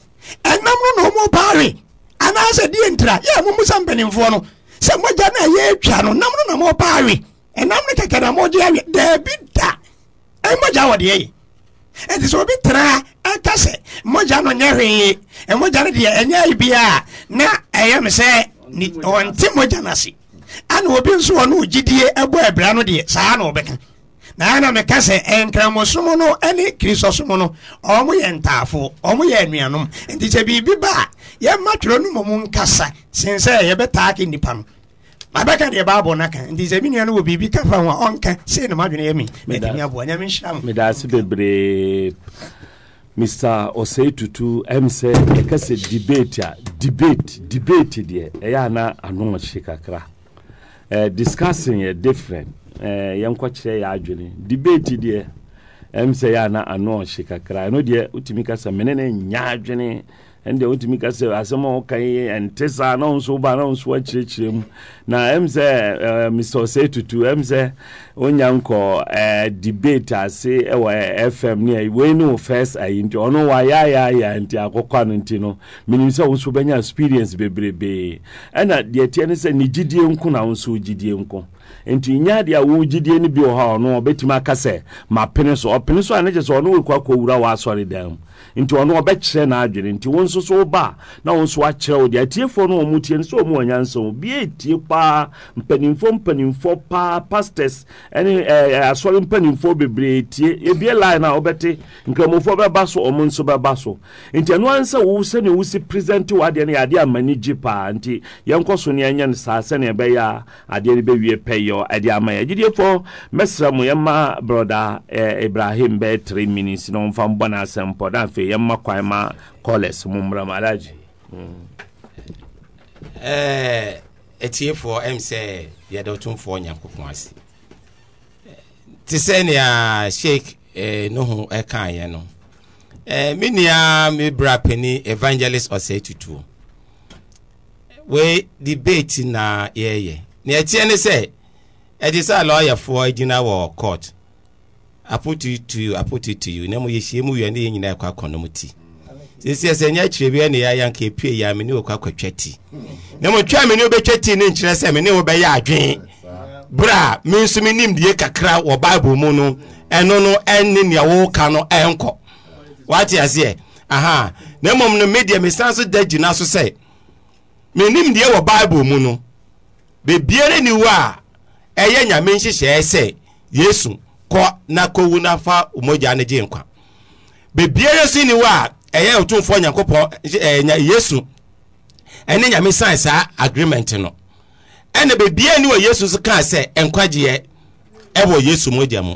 ɛnam no na ɔmu baare anaasɛ deɛ ntira yɛ momu sa mpanimfoɔ no sɛ mogya no a yɛatwa no nam no na mɔbaare ɛnam no kɛkɛ na mɔgye awe daabi da ɛmogya wɔ deɛ yi ɛnti sɛ obi tena ɛka mogya no nyɛ hwee ɛmogya no deɛ ɛnyɛ ɔnte mogya no ase ana obi nso ɔno ogyidie ɛbɔ abira no deɛ saa na ɔbɛka na ana meka sɛ nkramosom no ne kristosom no ɔmo yɛ ntaafo ɔmo yɛ anuanom nti sɛ biribi ba a yɛma twerɛ no mmɔmu nkasa sen sɛ yɛbɛtaake nnipa no mabɛka deɛ baabɔ no ka nti sɛ bi nua no wɔ biribi ka fa ho a ɔnka sei na madwene yɛ me matumi aboa nyame nhyira mo medase bebree mr osei tutu ɛm sɛ yɛka sɛ debate a debate debate deɛ ɛyɛ ana ano ɔhye kakra uh, discussing yɛ different eh, yɛnkɔkyerɛ yɛ adwene debate deɛ ɛm sɛ ɛyɛ ana ano ɔhye kakra ɛno deɛ wotumi ka sɛ mene ne nya adwene ɛnde wotumi ka sɛ asɛm a woka yi ɛnte saa na wo nso woba na wo akyerɛkyerɛ mu na ɛm sɛ mr ɔsɛ tutu ɛm sɛ wonya nkɔ debate ase ɛwɔ fm ne ayi wei ne wo first ayi nti ɔno wayɛayɛayɛ nti akɔkɔa no nti no menim sɛ wo bɛnya experience bebrebee ɛna deɛ teɛ ne sɛ ne gyidie nko na wo nso gyidie nko nti nya deɛ a wogyidie no bi wɔ hɔ a ɔno ɔbɛtumi aka sɛ mapene so ɔpene so a ne kyɛ sɛ ɔno wɔkɔ akɔwura dan mu nti ɔno ɔbɛkyerɛ n'adwene nti wo nso so woba na wo nso akyerɛ wo deɛ atiefoɔ no ɔmu tie no sɛ ɔmu ɔnyansa mu bie tie paa mpanimfoɔ mpanimfoɔ paa pastors ɛne asɔre mpanimfoɔ bebree tie ebie line a wɔbɛte nkramofoɔ bɛba so ɔmo nso bɛba so nti ɛno ansa wo sɛnea wo si present wo no yɛ adeɛ amani gye paa nti yɛnkɔ so ne yɛnyɛ no saa sɛnea ɛbɛyɛ a adeɛ no bɛwie pɛyɛ ɛde ama yɛ agyidiefo ibrahim bɛyɛ 3 na ɔmfa mbɔ afei yɛmma kwan ma callers mu mmram alagye hmm. eh, atiefoɔ m sɛ yɛde ɔtomfoɔ nyankopɔn ase te sɛ nea sheik eh, eh, no ho ɛkaeɛ no me nua me bra pani evangelist ɔsɛe tutuo wei debate na yɛyɛ nea ɛteɛ ne sɛ ɛte sɛ lɔɔyɛfoɔ gyina wɔ court apotituo apotituo na mo yɛhyia mu wia ne yɛ nyinaa ɛkɔ akɔ nom ti sisi ɛsɛ nyɛ akyire bi ɛna yɛayɛ nka epue yɛ amene wɔ kɔ akɔtwa ti na mo twa amene wobɛtwa ti ne nkyerɛ sɛ mene wobɛyɛ adwen bra me nso me nim die kakra wɔ bible mu no ɛno no ɛne nea wɔka no ɛnkɔ wate aseɛ aha na mmom no me deɛ mesan so da gyina so sɛ menim deɛ wɔ bible mu no bebiara ni wo a ɛyɛ nyame nhyehyɛɛ sɛ yesu kɔ na kɔwu na fa mogya no gye nkwa bebiara si ni wɔ a ɛyɛ otumfoɔ nyankopɔn yesu ɛne nyame sign saa agreement no ɛna bebiara ni wɔ yesu so kaa sɛ nkwagyeɛ ɛwɔ yesu mogya mu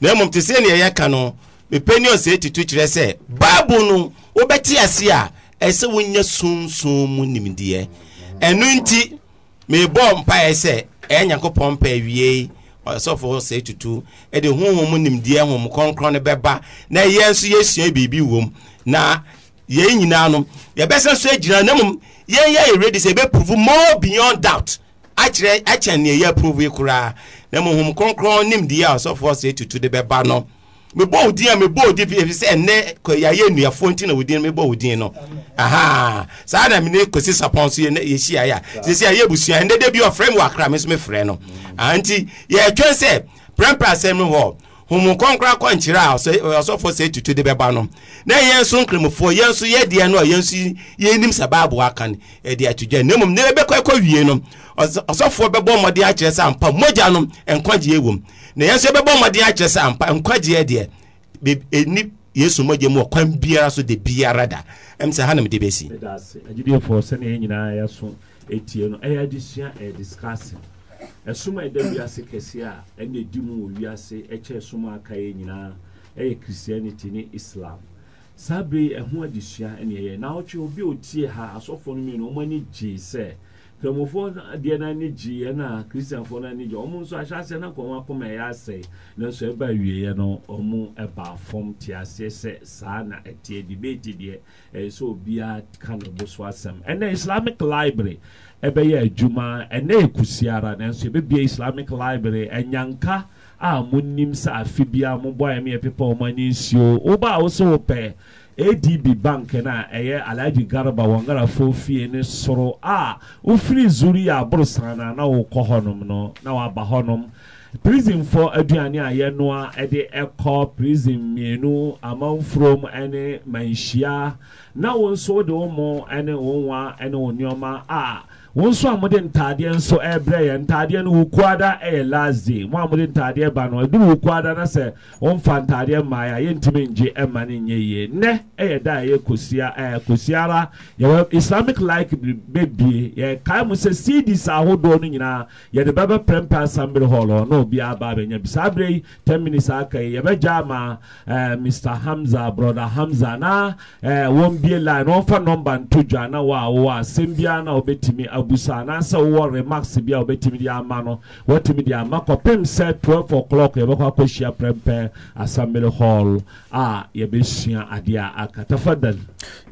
na mmom te sɛ nea yɛka no mepɛnion sɛ ɛtutu kyerɛ sɛ bible no wobɛte ase a ɛsɛ wonya sunsun mu nimdeɛ ɛno nti mebɔ mpaeɛ sɛ ɛyɛ nyankopɔn mpɛ awie ɔsɔfo sɛ tutu ɛde honhom mu nimdeɛ honhom kronkron no bɛba na yɛn nso yɛsua biribi wom na yɛn nyinaa no yɛbɛsɛ nso agyina na mmom yɛn yɛ yɛ ready sɛ yɛbɛpuruvu more beyond doubt akyerɛ akyɛn nea yɛ apuruvu yi koraa na mmom honhom kronkron nimdeɛ a ɔsɔfo sɛ tutu de bɛba no mebɔ wo din a mebɔ wo din ɛfiri sɛ ɛnɛ yɛayɛ nnuafoɔ nti na wo din mebɔ wo no aha saa na mene kɔsi sapɔn so yɛhyiaeɛ a sɛsi a yɛ abusua ɛnɛ da bi ɔfrɛ me wɔ akra me so mefrɛ no nti yɛtwɛn sɛ prɛmprɛ asɛm no hɔ homu kɔnkora kɔnkyerɛ a ɔsɔfoɔ sɛ tutu de bɛba no na yɛn nso nkremfoɔ yɛn nso yɛdeɛ no a yɛn nso yɛnim sɛ baabo aka no ɛde atodwa na mmom na yɛbɛkɔ ɛkɔ wie no ɔsɔfoɔ bɛbɔ mmɔden akyerɛ sɛ ampa mogya no nkɔgyeɛ wɔ na yɛn nso yɛbɛbɔ mmɔden akyerɛ sɛ ampa nkwagyeɛ deɛ ɛni e, yesu mmɔgya mu ɔkwan biara so de biara da ɛm sɛ hanom de bɛsi agyidiɛfoɔ sɛneɛ nyinaa yɛso ɛtie no ɛyɛ adesua ɛyɛ discase ɛsom a ɛda wiase kɛseɛ a ɛna ɛdi mu wɔ wiase ɛkyɛ aka yɛ nyinaa ɛyɛ christianity ne islam saa bere ɛho adesua ɛne na wotwe obi a ɔtie ha asɔfoɔ no mmienu ɔmo ani gyee sɛ kramofoɔ deɛ no ani gye ɛna kristianfoɔ no ani gye ɔmo nso ahyɛ aseɛ na kɔn akoma ɛyɛ asɛe nanso ɛba awieɛ no ɔmo ɛba fam te aseɛ sɛ saa na ɛteɛ debate deɛ ɛyɛ sɛ obiara ka ne bo so asɛm ɛnɛ islamic library ɛbɛyɛ adwuma ɛnɛ ɛkusi ara nanso ɛbɛbia islamic library ɛnyanka a mo nim sɛ afe biara mo bɔ ayɛ mi yɛ pepa ɔmo ani nsuo woba a wosɛ wopɛ adb bank na a ɛyɛ alagye garaba wɔngarafo fie ne soro a wofiri zuri a aborosanaa na wokɔ hɔnom no na waba hɔnom prisonfoɔ aduane a yɛnoa ɛde ɛkɔ prison mmienu amanfurom ne manhyia na wo nso wode wo mo ne wo nwa ne wo nneɔma a wọn nso a wɔde ntaadeɛ nso ɛrebrɛ yɛ ntaadeɛ no wokuada ɛyɛ e last day wɔn a wɔde ntaadeɛ ba no ɛduru wokuada na sɛ wɔnfa ntaadeɛ mmaa yɛ yɛntumi ngye ɛma e no nyɛ yie nnɛ ɛyɛ e da a ɛyɛ kosia ɛɛ kosiara yɛwɔ islamic like bebie yɛkae mu sɛ cds ahodoɔ no nyinaa yɛde bɛbɛ pɛmpɛ assembly hall hɔ na obi aba abɛnya bi saa abere yi ten minutes aka yi yɛbɛgya ama ɛɛ mr hamza broda hamza na ɛɛ wɔn bie line number nto dwa na wɔn a wɔwɔ asɛm biara abusa anaasɛ wowɔ remarks bi a wobɛtumi de ama no watumi de ama kɔpem sɛ 12 o'clock yɛbɛkɔ akɔhyia prɛmpɛ assembly hall a yɛbɛsua adeɛ a aka tafadal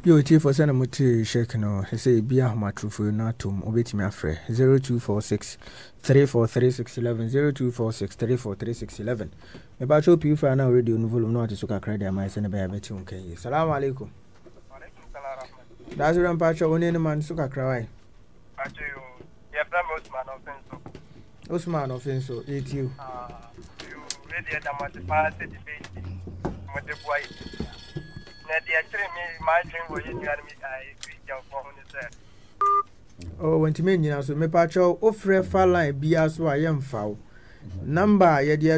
yo tiefo sɛ na motee shek no ɛsɛ ebi ahomatorofo no atom wobɛtumi afrɛ 0246 343611 0246 343611 mebakyɛ opii fra no a radio no volume no ate so kakra de ama ɛsɛ ne bɛyɛ bɛte wo salamu alaikum daase rɛ mpakyɛ wo ne no ma no kakra wae Osman Offenso. Osman Offenso, it's you. Uh, you ready at the Matipasa debate, Matipuai. Now, the actually, my dream was you had me, I speak your phone, sir. Oh, when to me, you know, so me Pacho, offer line, be as I yɛ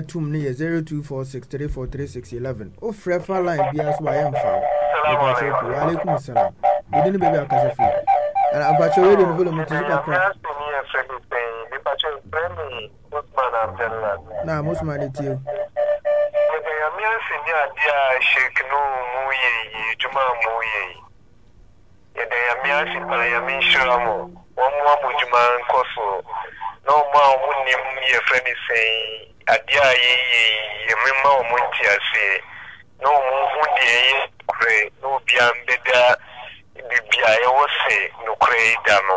0246343611 wofrɛ fa line bia so salam wode no baabi abacho wewe ni vile mtu zipa kwa na musman itio ya miasi ni adia sheikh no muye juma muye ya da ya miasi para ya minshiramo wamu wamu juma nkoso na wamu wamu ni mye freni sei adia yeye ya mima wamu ntiasi na wamu hundi yeye kure na ubia mbeda bibia yɛwɔ sɛ nokorɛ yi da no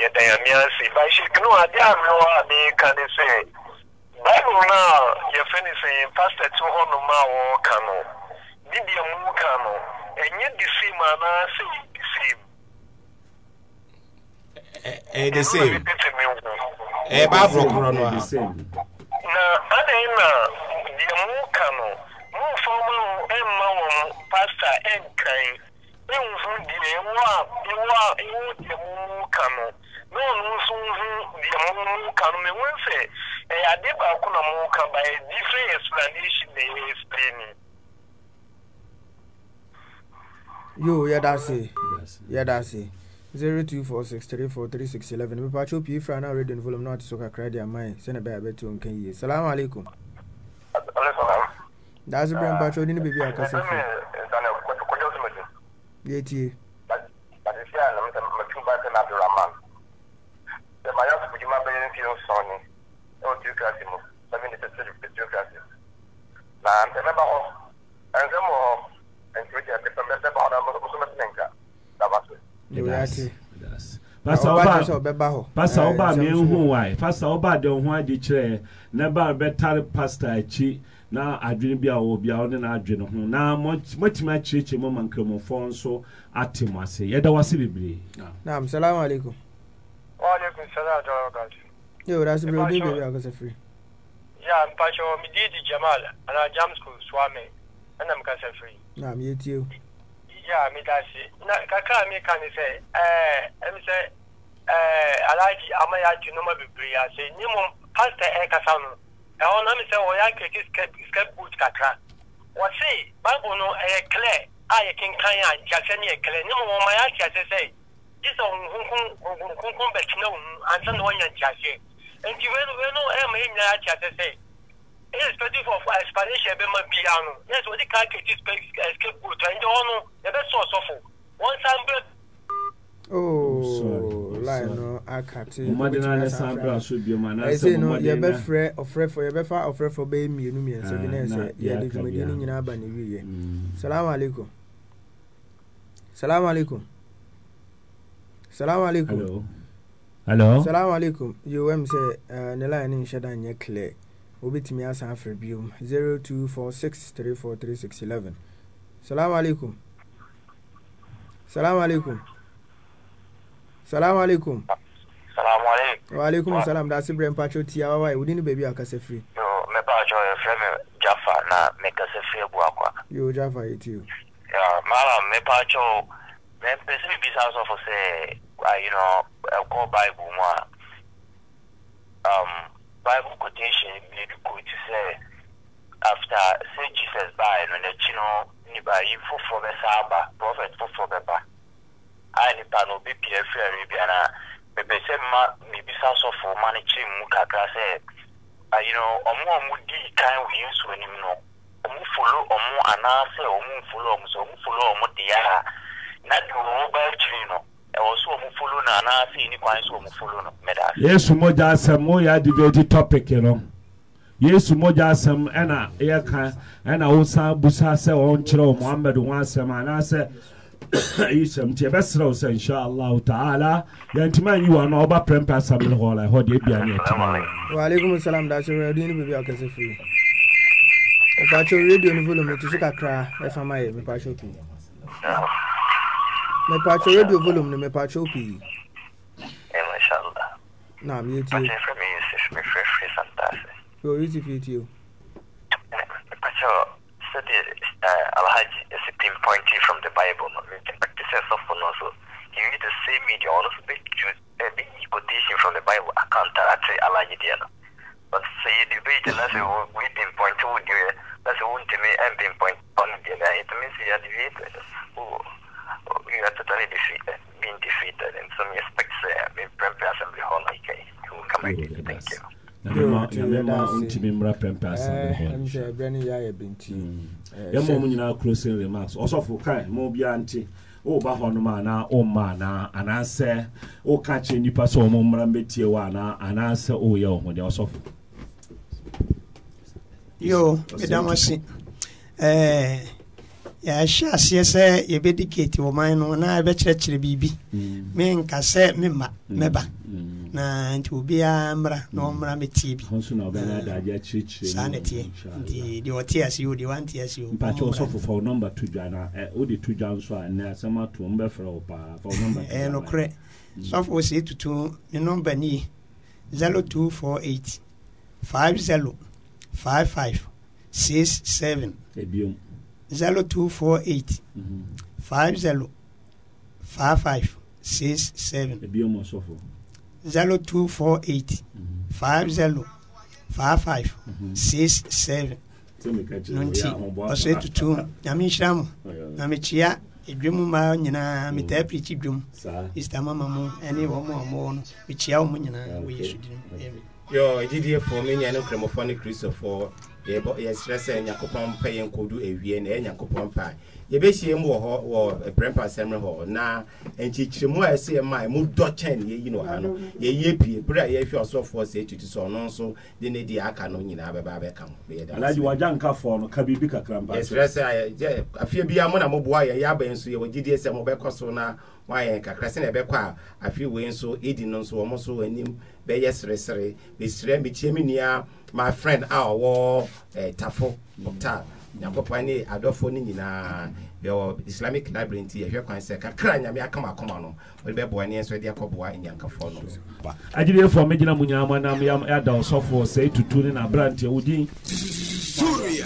yɛda nyame ase bahyik no ade a mewɔ a meka ne sɛ bible no a yɛfɛ ne sɛ pastor te hɔ nom a wɔɔka no ne deɛ mu ka no ɛnyɛ de same anaa sɛ yɛde same ɛyɛ de same ɛyɛ baaforo korɔ no a na adɛn na deɛ mu ka no mumfa ma ɛmma wɔn pastor ɛnkan nhun deɛ ɛwɔ a ɛwɔ a ɛwɔ deɛ mu ka no na ɔno nso nhun deɛ mu ka no mɛ wɔn sɛ ade baako na mu ka ba yɛ different explanation na yɛ explain. yoo yɛda ase yɛda ase zero two four six three four three six eleven mipa atwa pii fira na radio volume na ɔte so kakra de ama yi sɛnɛ bɛyɛ abɛto nka yie salamu alaikum. daasi bere mpa atwa odi ne beebi akasa yɛtie adesɛ a nam sɛ matuba sɛ no abdurahman sɛ mayɛ so kodwuma bɛyɛ mfie nson ne ɛwɔ theocracy mu sɛmene sɛ theocracy na ntɛ mɛba hɔ ɛnsɛm wɔ hɔ ɛnkyerɛkyɛ mɛba hɔ na mso mɛtene nka daba so pasa wobaa meɛhu wae pasa wobaa de wo ho ade kyerɛ na ba bɛtare pasta akyi na adwene bi a ɔwɔ bia ɔne no adwene ho na moatumi akyerɛkyerɛ mu ma nkramɔfoɔ nso ate mo ase yɛda wase bebree nam salamu alaikum waalaikum salam wa barakatuh yo rasi bi odi bi akasa firi ya mpacho mididi jamal ana jam school swame ana mkasa firi nam yetio ya midasi na kaka mi kan se eh em se ɛɛ eh, alaji ama ya tunoma bebree ase ni mo pastor e kasa no ɛhɔ na mi sɛ wɔyɛ ankeke scapegoat kakra wɔsi bible no ɛyɛ clear a yɛ kenkan a nkyɛsɛ no yɛ clear ne mu wɔn ma yɛ akyɛsɛ sɛ gyesɛ nkunkun nkunkun bɛtena wɔn mu ansa na wɔnya nkyɛsɛ nti wei no wei no ɛyɛ ma yɛ nyinaa akyɛsɛ sɛ ɛyɛ spɛdifo of explanation bɛ ma bia no ne sɛ wɔde kaa keke scapegoat ɛnjɛ hɔ no yɛbɛ sɔ ɔsɔfo wɔn san bɛ. ooo line no aka te ɛsɛ no yɛbɛfrɛ ɔfrɛfo yɛbɛfa ɔfrɛfo bɛyɛ mmienu mmiɛnsa bi ah, na ɛsɛ yɛde dwumadie no nyinaa ba ne wieɛ mm. salamu alaikum salamu alaikum salamu alaikum hello salamu alaikum yowam sɛ eh, ne line no nhyɛ da nyɛ clear wobɛtumi asan afrɛ biom 0246343611 salamu alaikum salamu alaikum salamu alaikum salamualeykum. waaleykum salam daasi brɛ mpatsɔ tia wawa wodi ni baabi akasa firi. yoo mɛ patsɔ yɛfrɛ mi jafa na mɛ kasa firi bu akwa. yoo jafa yi ti o. yaa maala mɛ patsɔ mɛ mpɛsɛ mi bisa sɔfo sɛ ayi ah, nɔ ɛkɔ eh, baibu mu a um, bible quotation bi edu ko ti sɛ after say jesus baa no n'akyi no nipa yi foforɔ bɛ saa ba prophet foforɔ bɛ ba a nipa no obi pie firi ɛri bi e e anaa. mepɛ se ma mebisa sɔfo ma no mụ mu kakra sɛ ah, you know ɔmo a ɔmo di kan wɔ yesu no na deɛ ɔmo ba akyiri no ɛwɔ so ɔmo folo no anaasɛ ɛni kwan so ɔmo folo no yesu mo topic yesu mogya asɛm ɛna yɛka ɛna busa sɛ ɔnkyerɛ [coughs] ayi sɛm nti yɛbɛsrɛ wo sɛ insha allahu taala yɛntimi anyi wɔ no ɔba prɛmpɛ assemble hall ɛhɔ deɛ bia ne yɛtim waaleykum salam dakyɛ radio no baabi akɛsɛ firi mepakyɛ radio no volume ɛto so kakra ɛfa ma yɛ mepakyɛ pii mepakyɛ radio volume no mepakyɛ pii na meyɛtie yɛwɔ yusuf yɛtio sɛdeɛ uh, Al-Hajj is a pinpoint from the Bible. The practices of also, you need the same media, also big, uh, big quotation from the Bible I can't say Al-Hajj But say [laughs] the page I say, we pinpoint nyamema ntumi mmra pɛmpɛ asɛmyɛma eh, mm. eh, mu nyinaa closing remarks ɔsɔfo kae ma obiaa nte woba hɔ nom anaa womma anaa anaasɛ woka kyerɛ nnipa sɛ ɔmo mmra mbɛtie wɔ anaa anaasɛ woyɛ wo ho deɛ ɔsɔfo yo meda mo ase eh, yɛahyɛ aseɛ sɛ yɛbɛdikate wɔ man no na yɛbɛkyerɛkyerɛ biribi mm. menka sɛ memma mm. mɛba mm na nti obiara mmra na hmm. ɔmmra mɛtie bi saa na ɛteɛ nti deɛ ɔte ase o deɛ wante ase o mpakyɛ ɔsɔfo fa wo nɔmba to dwa na wode to dwa nso a nnɛ asɛm ato m bɛfrɛ wo paa fa wo nɔmba ɛyɛ nokorɛ hmm. sɔfo sɛ tutu me nɔmba nie 0248 50 five 67 0248 50 55 67 zero two four eight five zero five five six seven no nti ɔsɔ etutu nyame nhyira mu na mekyia edwom mmaa nyinaa metaa pirikyi dwom easter mama mu ɛne wɔn a wɔwɔ no mekyia wɔn nyinaa ah, wɔ yesu din mu yɔ agyidiefoɔ me nua ne nkurɔmɔfoɔ ne kristofoɔ yɛsrɛ sɛ nyankopɔn mpɛ yɛnkɔdu awie na ɛyɛ nyankopɔn mpae yɛbɛhyia mu wɔ hɔ wɔ eh, prɛmpa asɛm hɔ na nkyekyeremu a ɛsɛ yɛma a ɛmu dɔ kyɛn yɛyi no ha no yɛyɛ pie bere a yɛhwɛ ɔsɔfoɔ sɛ ɛtutu sɛ ɔno nso de ne deɛ aka no nyinaa bɛba bɛka hoalagye wagya sɛ afeɛ biaa mo na moboa yɛyɛ abɛn so yɛwɔ gyidie sɛ mobɛkɔ so na wayɛ kakra sɛ na ɛbɛkɔ a afei wei nso ɛdi no nso wɔn nso anim bɛyɛ seresere bɛsrɛ mekyia me nua my friend a ɔwɔ eh, tafo moktar mm -hmm nyankopɔn ne adɔfoɔ no nyinaa yɛwɔ islamic library nti yɛhwɛ kwan sɛ kakra nyame aka makoma no wode bɛboa ne nso de akɔboa nyankafoɔ no agyereyɛfoɔ mɛgyina mu nyinaa manam yɛada ɔsɔfoɔ sɛ tutu ne naaberanteɛ wodin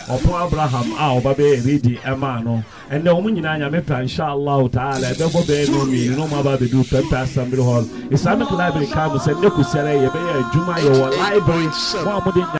ɔpon abraham a ɔba bɛyɛ redi ɛmaa no ɛnɛ wɔn nyinaa nyame pɛ inshallah taala ɛbɛbɔ bɛyɛ no mmienu na aba abɛdu pɛmpɛ assembly hall islamic library kaa sɛ ne kosiara yɛbɛyɛ adwuma yɛwɔ library wɔn a wɔde